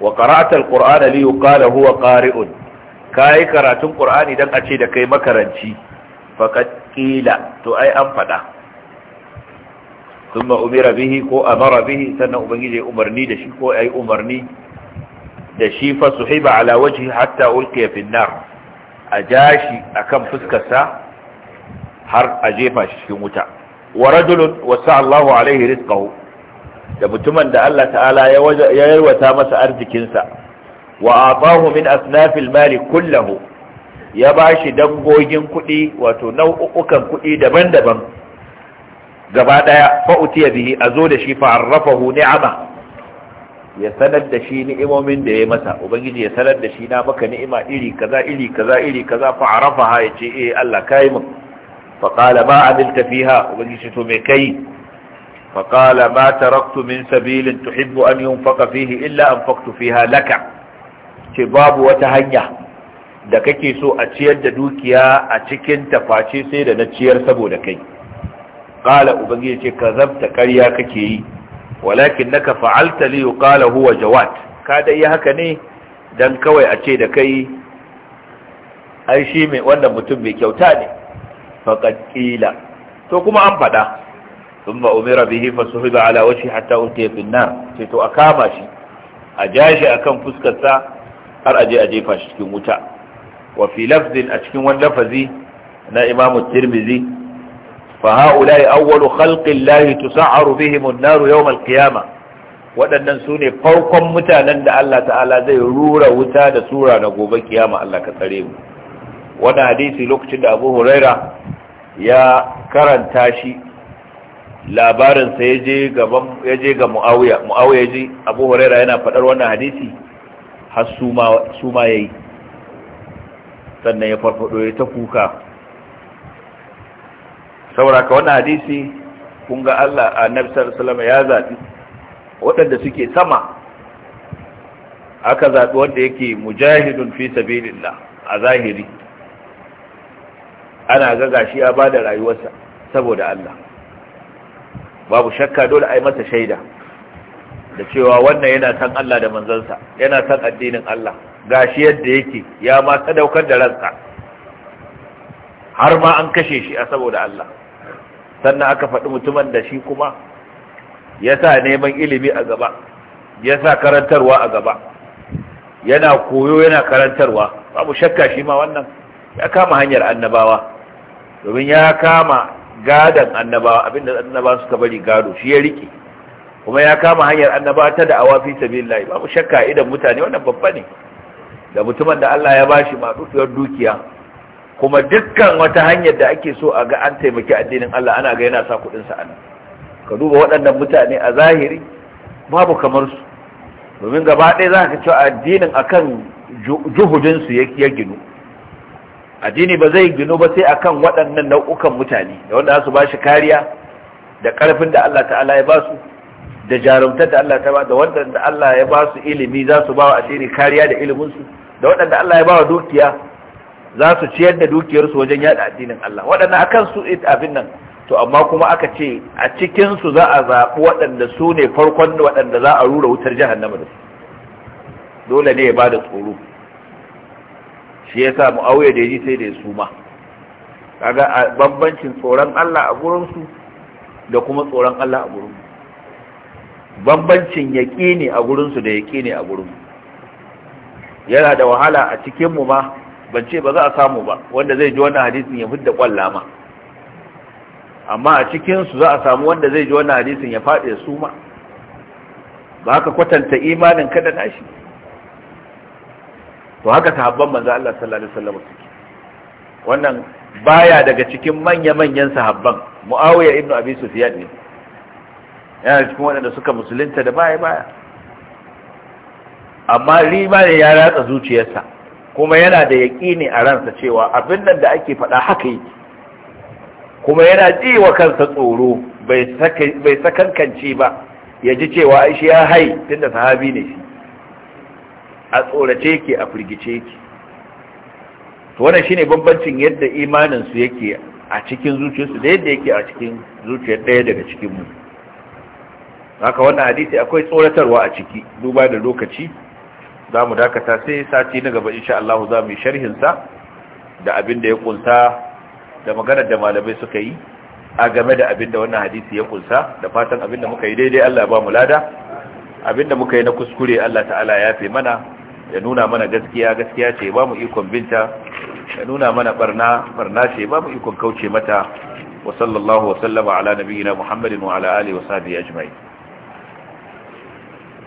wa qara'ta alqur'ana li yuqala huwa qari'un ka yi karatun qur'ani dan a ce da kai makaranci faqad to ai an fada thumma umira bihi ko amara bihi sannan ubangiji umarni da shi ko ai umarni da shi fa suhiba ala wajhi hatta ulqiya fi nar a akan fuskarsa har a jefa shi cikin wuta wa rajulun wasa Allahu alaihi rizqahu da mutumin da Allah ta'ala ya yarwata masa arzikinsa wa atahu min asnafil mali kullahu ya bashi dangogin kuɗi wato nau'ukan kuɗi daban-daban gaba daya fa utiya bihi azo da shi fa arrafahu ni'ama ya sanar da shi ni'imomin da ya masa ubangiji ya sanar da shi na maka ni'ima iri kaza iri kaza iri kaza fa arafaha yace eh Allah kai mun فقال ما عملت فيها وبجيشته مكي فقال ما تركت من سبيل تحب أن ينفق فيه إلا أنفقت فيها لك شباب وتهنيه da kake so a ciyar da dukiya a cikin tafaci sai da na ciyar saboda kai qala ubangiji ce kazabta karya kake yi walakin naka fa'alta li yuqala huwa jawad ka dai haka ne dan kawai a ce da kai ai shi mai wannan mutum mai kyauta ne faqad qila to kuma an fada thumma umira bihi fa suhiba ala wajhi hatta ulqiya fi nar ce to a kama shi a jashi akan fuskar sa har aje a jefa shi cikin wuta wa fi lafzin a cikin wani lafazi na imamu tirmizi fa haula'i awwalu khalqi llahi tus'aru bihim an-nar yawm al-qiyamah waɗannan su ne farkon mutanen da Allah ta'ala zai rura wuta da sura na gobe kiyama Allah ka tsare mu wani hadisi lokacin da abu huraira ya karanta shi labarinsa ya je ga mu'awiya mu'awiya yaje ji abu huraira yana faɗar wannan hadisi har su ma ya yi sannan ya farfaɗo ya ta kuka sauraka wannan hadisi kun ga Allah a nafisar salama ya zaɓi waɗanda suke sama aka zaɓi wanda yake mujahidun fi sabilillah a zahiri ana ga gashi ya bada rayuwarsa saboda Allah babu shakka dole ai masa shaida da cewa wannan yana san Allah da manzansa yana san addinin Allah gashi yadda yake ya ma sadaukar da ransa har ma an kashe shi a saboda Allah sannan aka faɗi mutumin da shi kuma ya sa neman ilimi a gaba ya sa karantarwa a gaba yana koyo yana karantarwa babu shakka shi ma wannan ya kama hanyar annabawa domin ya kama gadon annabawa abinda annaba suka bari gado shi ya rike kuma ya kama hanyar annaba ta da awafi fi ba babu shakka idan mutane wannan babba ne da mutumin da Allah ya bashi dukiyar dukiya kuma dukkan wata hanyar da ake so a ga an taimaki addinin Allah ana ga yana sa kuɗin sa anan ka duba waɗannan mutane a zahiri babu kamar su domin gaba ɗaya za ka cewa addinin akan juhudinsu ya ginu addini ba zai gino ba sai akan waɗannan nau'ukan mutane da wanda su ba shi kariya da ƙarfin da Allah ta'ala ya ba su da jarumtar da Allah ta ba da waɗanda Allah ya ba su ilimi za su ba wa addini kariya da iliminsu da waɗanda Allah ya ba wa dukiya za su ciyar da dukiyarsu wajen yada addinin Allah waɗanda akan su abin nan to amma kuma aka ce a cikin su za a zaɓi waɗanda su ne farkon waɗanda za a rura wutar jahannama da su dole ne ya ba da tsoro shi ya sa mu'awiyar da ya ji sai da ya suma kaga bambancin tsoron Allah a gurinsu da kuma tsoron Allah a gurinmu bambancin yaƙi ne a gurinsu da yaƙi ne a gurinmu yana da wahala a cikinmu ma ban ce ba za a samu ba wanda zai ji wannan hadisin ya fidda ƙwalla ma amma a cikinsu za a samu wanda zai ji wannan hadisin ya faɗi ya suma ba haka kwatanta imanin ka da nashi to haka sahabban manzo Allah sallallahu alaihi wasallam suke wannan baya daga cikin manya-manyan sahabban Muawiya ibn Abi Sufyan ne yana cikin waɗanda suka musulunta da baya baya amma rima ne ya ratsa zuciyarsa kuma yana da yaƙini a ransa cewa abin nan da ake faɗa haka yake kuma yana ji wa kansa tsoro bai sakankance ba ya ji cewa shi ya hai tunda sahabi ne shi a tsorace ke a firgice yake, to wannan shine bambancin yadda imanin su yake a cikin zuciyarsu da yadda yake a cikin zuciyar ɗaya daga cikin mu haka wannan hadisi akwai tsoratarwa a ciki duba da lokaci za mu dakata sai sati na gaba insha Allah za mu yi sharhin sa da abin da ya kunsa da maganar da malamai suka yi a game da abin da wannan hadisi ya kunsa da fatan abin da muka yi daidai Allah ya ba mu lada abin da muka yi na kuskure Allah ta'ala ya fi mana ya nuna mana gaskiya gaskiya ce ba mu ikon binta ya nuna mana barna barna ce ba mu ikon kauce mata wa sallallahu wa sallama ala nabiyina muhammadin wa ala alihi wa sahbihi ajma'in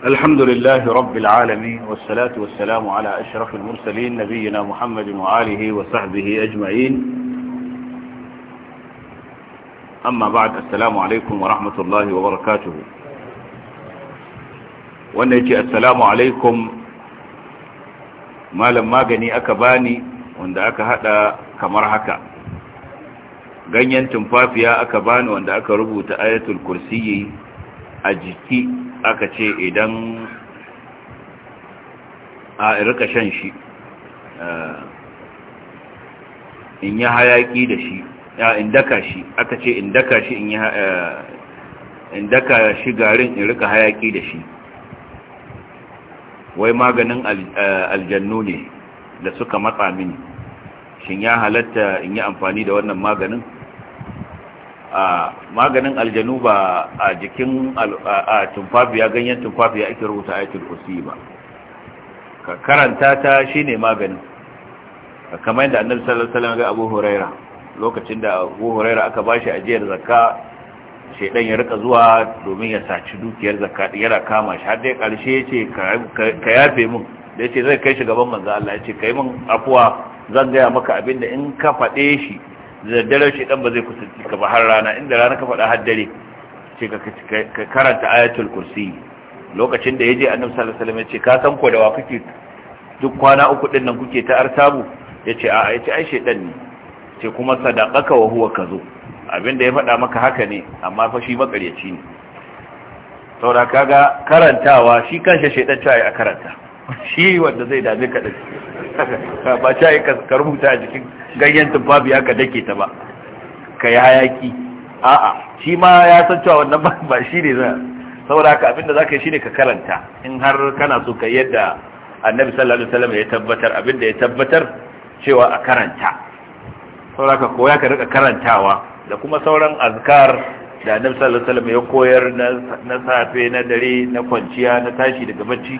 alhamdulillahi rabbil alamin was salatu was salam ala ashrafil mursalin nabiyina muhammadin wa alihi wa sahbihi ajma'in amma ba'd assalamu السلام wa rahmatullahi wa barakatuh wannan يجي assalamu عليكم malam magani aka bani wanda aka hada kamar haka ganyen tumfafiya aka bani wanda aka rubuta ayatul kursiyi a jiki aka ce idan a rika shan shi eh, in yi hayaki da shi in daka shi aka ce in daka shi in eh, daka shi garin in rika hayaki da shi wai maganin eh, aljannu ne da suka matsa mini shin ya halatta in yi amfani da wannan maganin a maganin aljanu ba a jikin a tumfafiya ganyen tumfafiya ake rubuta ayatul kusi ba ka karanta ta shi ne maganin kamar yadda annabi sallallahu alaihi wasallam ga Abu Huraira lokacin da Abu Huraira aka bashi ajiyar zakka shaidan ya rika zuwa domin ya saci dukiyar zakka yana kama shi har dai karshe yace ka yafe mun da yace zai kai shi gaban manzo Allah yace kai mun afuwa zan gaya maka abin da in ka fade shi da dare shi dan ba zai kusanci ka ba har rana inda rana ka fada har dare ce ka karanta ayatul kursi lokacin da yaje annabi sallallahu alaihi wasallam yace ka san ko da wa kuke duk kwana uku din nan kuke ta artabu yace a'a yace ai shaidan ne ce kuma sadaqaka wa huwa kazo abinda ya faɗa maka haka ne amma fa shi makaryaci ne saboda kaga karantawa shi kanshi shaidan cewa a karanta shi wanda zai dame ka da ba cewa ka karbuta a jikin ganyen tumfafi haka dake ta ba ka yi hayaki a'a shi ma ya san cewa wannan ba shi ne za saboda ka abinda zaka yi shine ka karanta in har kana so ka yadda annabi sallallahu alaihi wasallam ya tabbatar abinda ya tabbatar cewa a karanta saboda ka koya ka rika karantawa da kuma sauran azkar da annabi sallallahu alaihi wasallam ya koyar na safe na dare na kwanciya na tashi daga bacci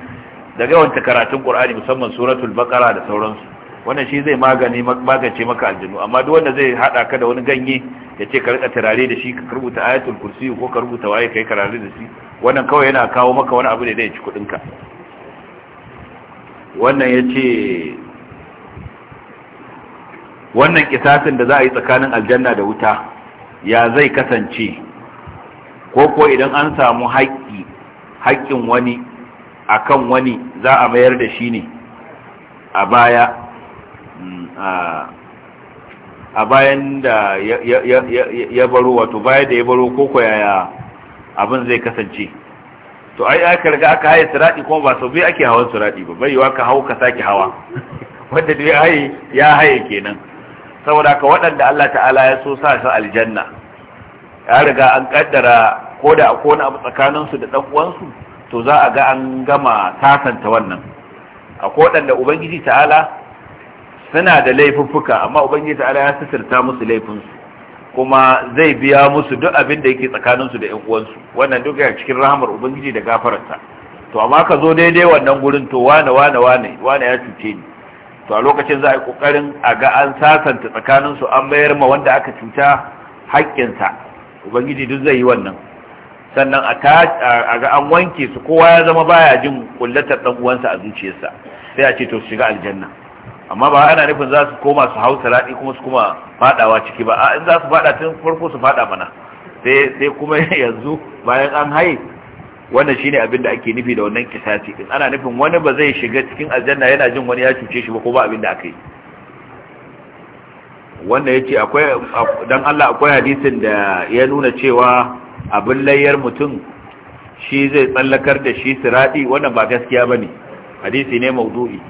daga wanta karatun qur'ani musamman suratul baqara da sauransu wannan shi zai magani magance maka aljinu amma duk wanda zai hada ka da wani ganye ya ce ka rika turare da shi ka rubuta ayatul kursi ko ka rubuta waye kai karare da shi wannan kawai yana kawo maka wani abu da zai ci kudin ka wannan yace wannan kisasin da za a yi tsakanin aljanna da wuta ya zai kasance ko ko idan an samu haƙƙi haƙƙin wani akan wani za a mayar da shi ne a baya mm, a bayan da ya baro wato bayan da ya baro koko yaya abin zai kasance to ai aka riga aka haye surad'i kuma ba sau biyu ake hawan surad'i ba bai yiwa ka hau ka sake hawa wanda ya haye ya haye kenan saboda ka waɗanda Allah ta'ala ya so sa su aljanna ya riga an kaddara ko da akwai wani tsakanin tsakaninsu da ɗan uwansu to za a ga an gama sasanta wannan akwai waɗanda ubangiji ta'ala suna da laifuffuka amma ubangiji ta'ala ya sisirta musu laifinsu kuma zai biya musu duk abin da yake tsakaninsu da ƴan uwansu wannan duk yana cikin rahamar ubangiji da gafararsa to amma ka zo daidai wannan gurin to wane wane wane wane ya cuce ni to a lokacin za a yi kokarin a ga an sasanta tsakanin su an bayar ma wanda aka cuta haƙƙinsa ubangiji duk zai yi wannan sannan a ga an wanke su kowa ya zama baya jin kullatar dan uwansa a zuciyarsa sai a ce to su shiga aljanna amma ba ana nufin za su koma su hausa raɗi kuma su kuma fadawa ciki ba in za su fada tun farko su fada mana sai kuma yanzu bayan an haye wannan shine abin da ake nufi da wannan kisasi din ana nufin wani ba zai shiga cikin aljanna yana jin wani ya cuce shi ba ko ba abin da aka yi wannan yace akwai dan Allah akwai hadisin da ya nuna cewa abin layyar mutum shi zai tsallakar da shi siradi wannan ba gaskiya bane hadisi ne mawdu'i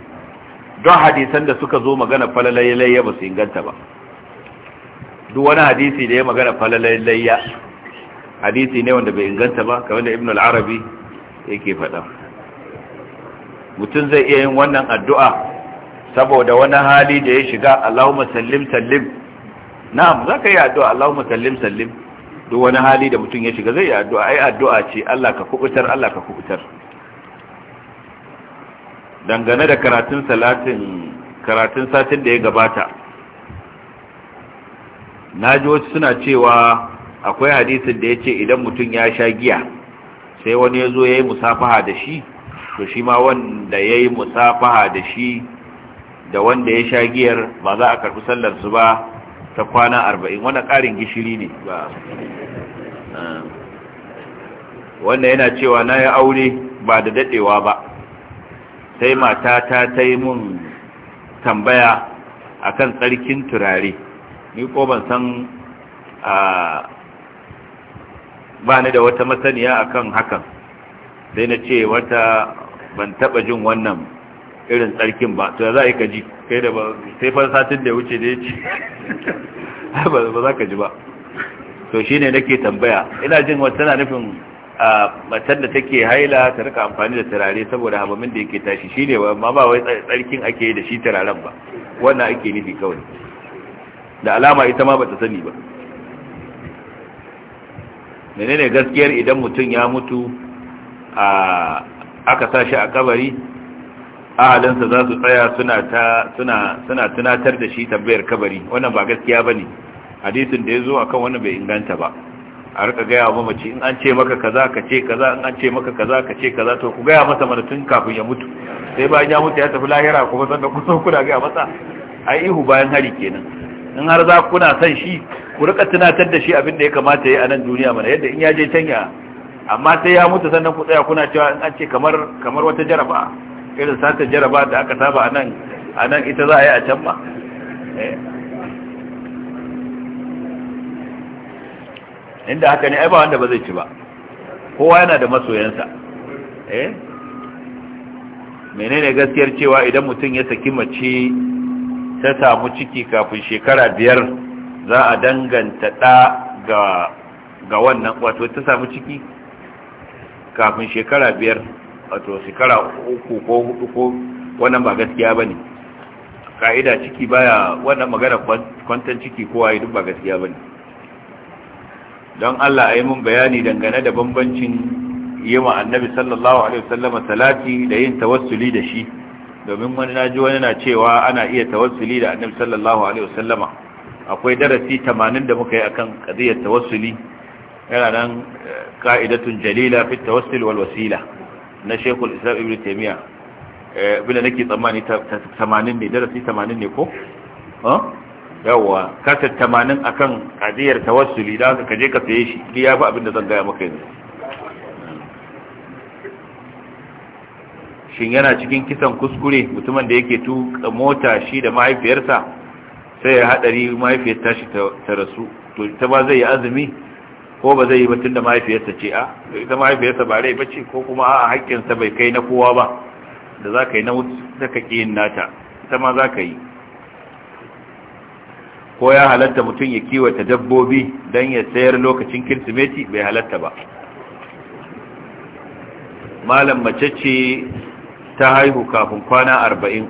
don hadisan da suka zo magana falalayya ba su inganta ba duk wani hadisi da ya magana falalayya hadisi ne wanda bai inganta ba kamar da ibn al-arabi yake faɗa mutum zai iya yin wannan addu'a saboda wani hali da ya shiga allahumma sallim sallim na'am za ka yi addu'a allahumma sallim sallim duk wani hali da mutum ya shiga zai yi addu'a ai addu'a ce allah ka kubutar allah ka kubutar dangane da karatun salatin karatun satin da ya gabata na ji wasu suna cewa akwai hadisin da ya ce idan mutum ya sha giya sai wani ya zo ya yi musafaha da shi to shi ma wanda ya yi musafaha da shi da wanda ya sha giyar ba za a karɓi sallarsu ba ta kwana arba'in wani ƙarin gishiri ne ba wanda yana cewa na ya aure ba da daɗewa ba sai mata ta ta yi mun tambaya akan tsarkin turare ni ko ban san a ah, ba ni da wata masaniya akan hakan sai na ce wata ban taba jin wannan irin tsarkin ba to za a yi ka ji kai da ba sai satin da wuce da ya ce ba za ka ji ba to shi ne nake tambaya ina jin wata tana nufin a matan da take haila ta rika amfani da turare saboda habamin da yake tashi shi ne ma ba wai tsarkin ake yi da shi turaren ba wannan ake nufi kawai da alama ita ma ba ta sani ba menene gaskiyar idan mutum ya mutu a aka sashi a kabari ahalinsa za su tsaya suna tunatar da shi tambayar kabari wannan ba gaskiya ba ne hadisin da ya a akan wannan bai inganta ba a rika gaya wa mamaci in an ce maka kaza ka ce kaza in an ce maka kaza ka ce kaza to ku gaya masa mana tun kafin ya mutu sai bayan ya mutu ya tafi lahira kuma sanda kusa kuna gaya masa ai ihu bayan hari kenan in har za kuna son shi ku rika tunatar da shi abin da ya kamata ya yi a nan duniya mana yadda in ya je can amma sai ya mutu sannan ku tsaya kuna cewa in an ce kamar kamar wata jaraba irin sata jaraba da aka saba a nan a nan ita za a yi a can ba eh. inda haka ne ai ba wanda ba zai ci ba kowa yana da masoyansa eh menene gaskiyar cewa idan mutum ya saki mace ta samu ciki kafin shekara biyar za a danganta ɗa ga wannan wato ta samu ciki kafin shekara biyar wato shekara uku ko hudu ko wannan ba gaskiya ba ne ka'ida ciki baya wannan magana kwantan ciki kowa yi duk ba gaskiya ba ne don allah a yi mun bayani dangane da bambancin yi wa annabi sallallahu alaihi wasallama salati da yin tawassuli da shi domin wani na ji wani na cewa ana iya tawassuli da annabi sallallahu alaihi wasallama akwai darasi 80 da muka yi akan qadiyar tawassuli yana nan eh, qa'idatun jalila fi tawassul wal wasila na Sheikhul Islam ibnu taymiya eh bila nake tsammani 80 ne darasi 80 ne ko ha yawa kasar 80 akan qadiyar tawassuli da ka je ka saye shi ni yafi abin da zan gaya maka yanzu shin yana cikin kisan kuskure mutumin da yake tu mota shi da mahaifiyarsa sai ya hadari mahaifiyar tashi ta rasu to ita ba zai yi azumi ko ba zai yi ba tunda mahaifiyarsa ce a ah, ita mahaifiyarsa ba rai bace ko kuma a ah, haƙƙinsa bai kai na kowa ba da za ka yi na wuce ka ƙi yin nata ita ma za ka yi ko ya halatta mutum ya kiwata dabbobi don ya sayar lokacin kirsimeti bai halatta ba malam mace ce ta haihu kafin kwana arba'in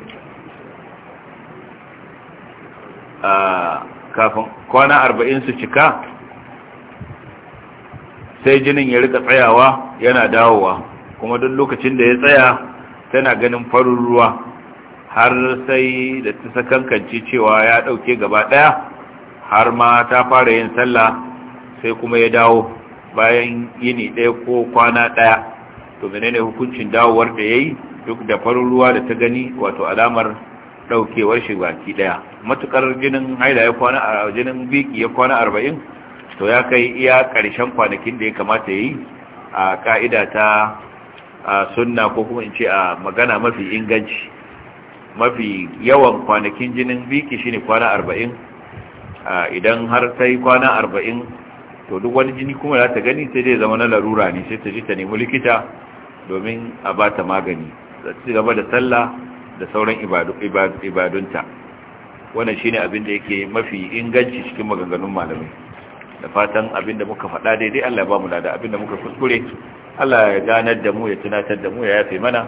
kafin kwana arba'in su cika sai jinin ya rika tsayawa yana dawowa kuma duk lokacin da ya tsaya tana ganin farin ruwa har sai da ta sakankanci cewa ya ɗauke gaba ɗaya har ma ta fara yin sallah sai kuma ya dawo bayan yini ɗaya ko kwana ɗaya to menene hukuncin dawowar da ya yi duk da farin ruwa da ta gani wato alamar daukewar shi baki daya matukar jinin haida ya kwana a jinin biki ya kwana 40 to ya kai iya karshen kwanakin da ya kamata yi. a kaida ta sunna ko kuma in ce a magana mafi inganci mafi yawan kwanakin jinin biki shine kwana 40 idan har sai kwana 40 to duk wani jini kuma za ta gani sai dai zama na larura ne sai ta ji ta nemi likita domin a ba ta magani ta ci gaba da sallah da sauran ibadunta wannan shine abin da yake mafi inganci cikin maganganun malamai da fatan abin da muka faɗa daidai Allah ya ba mu lada abin da muka kuskure Allah ya ganar da mu ya tunatar da mu ya yafe mana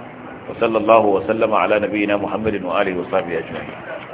wa sallallahu wa sallama ala nabiyyina Muhammadin wa alihi wa sahbihi ajma'in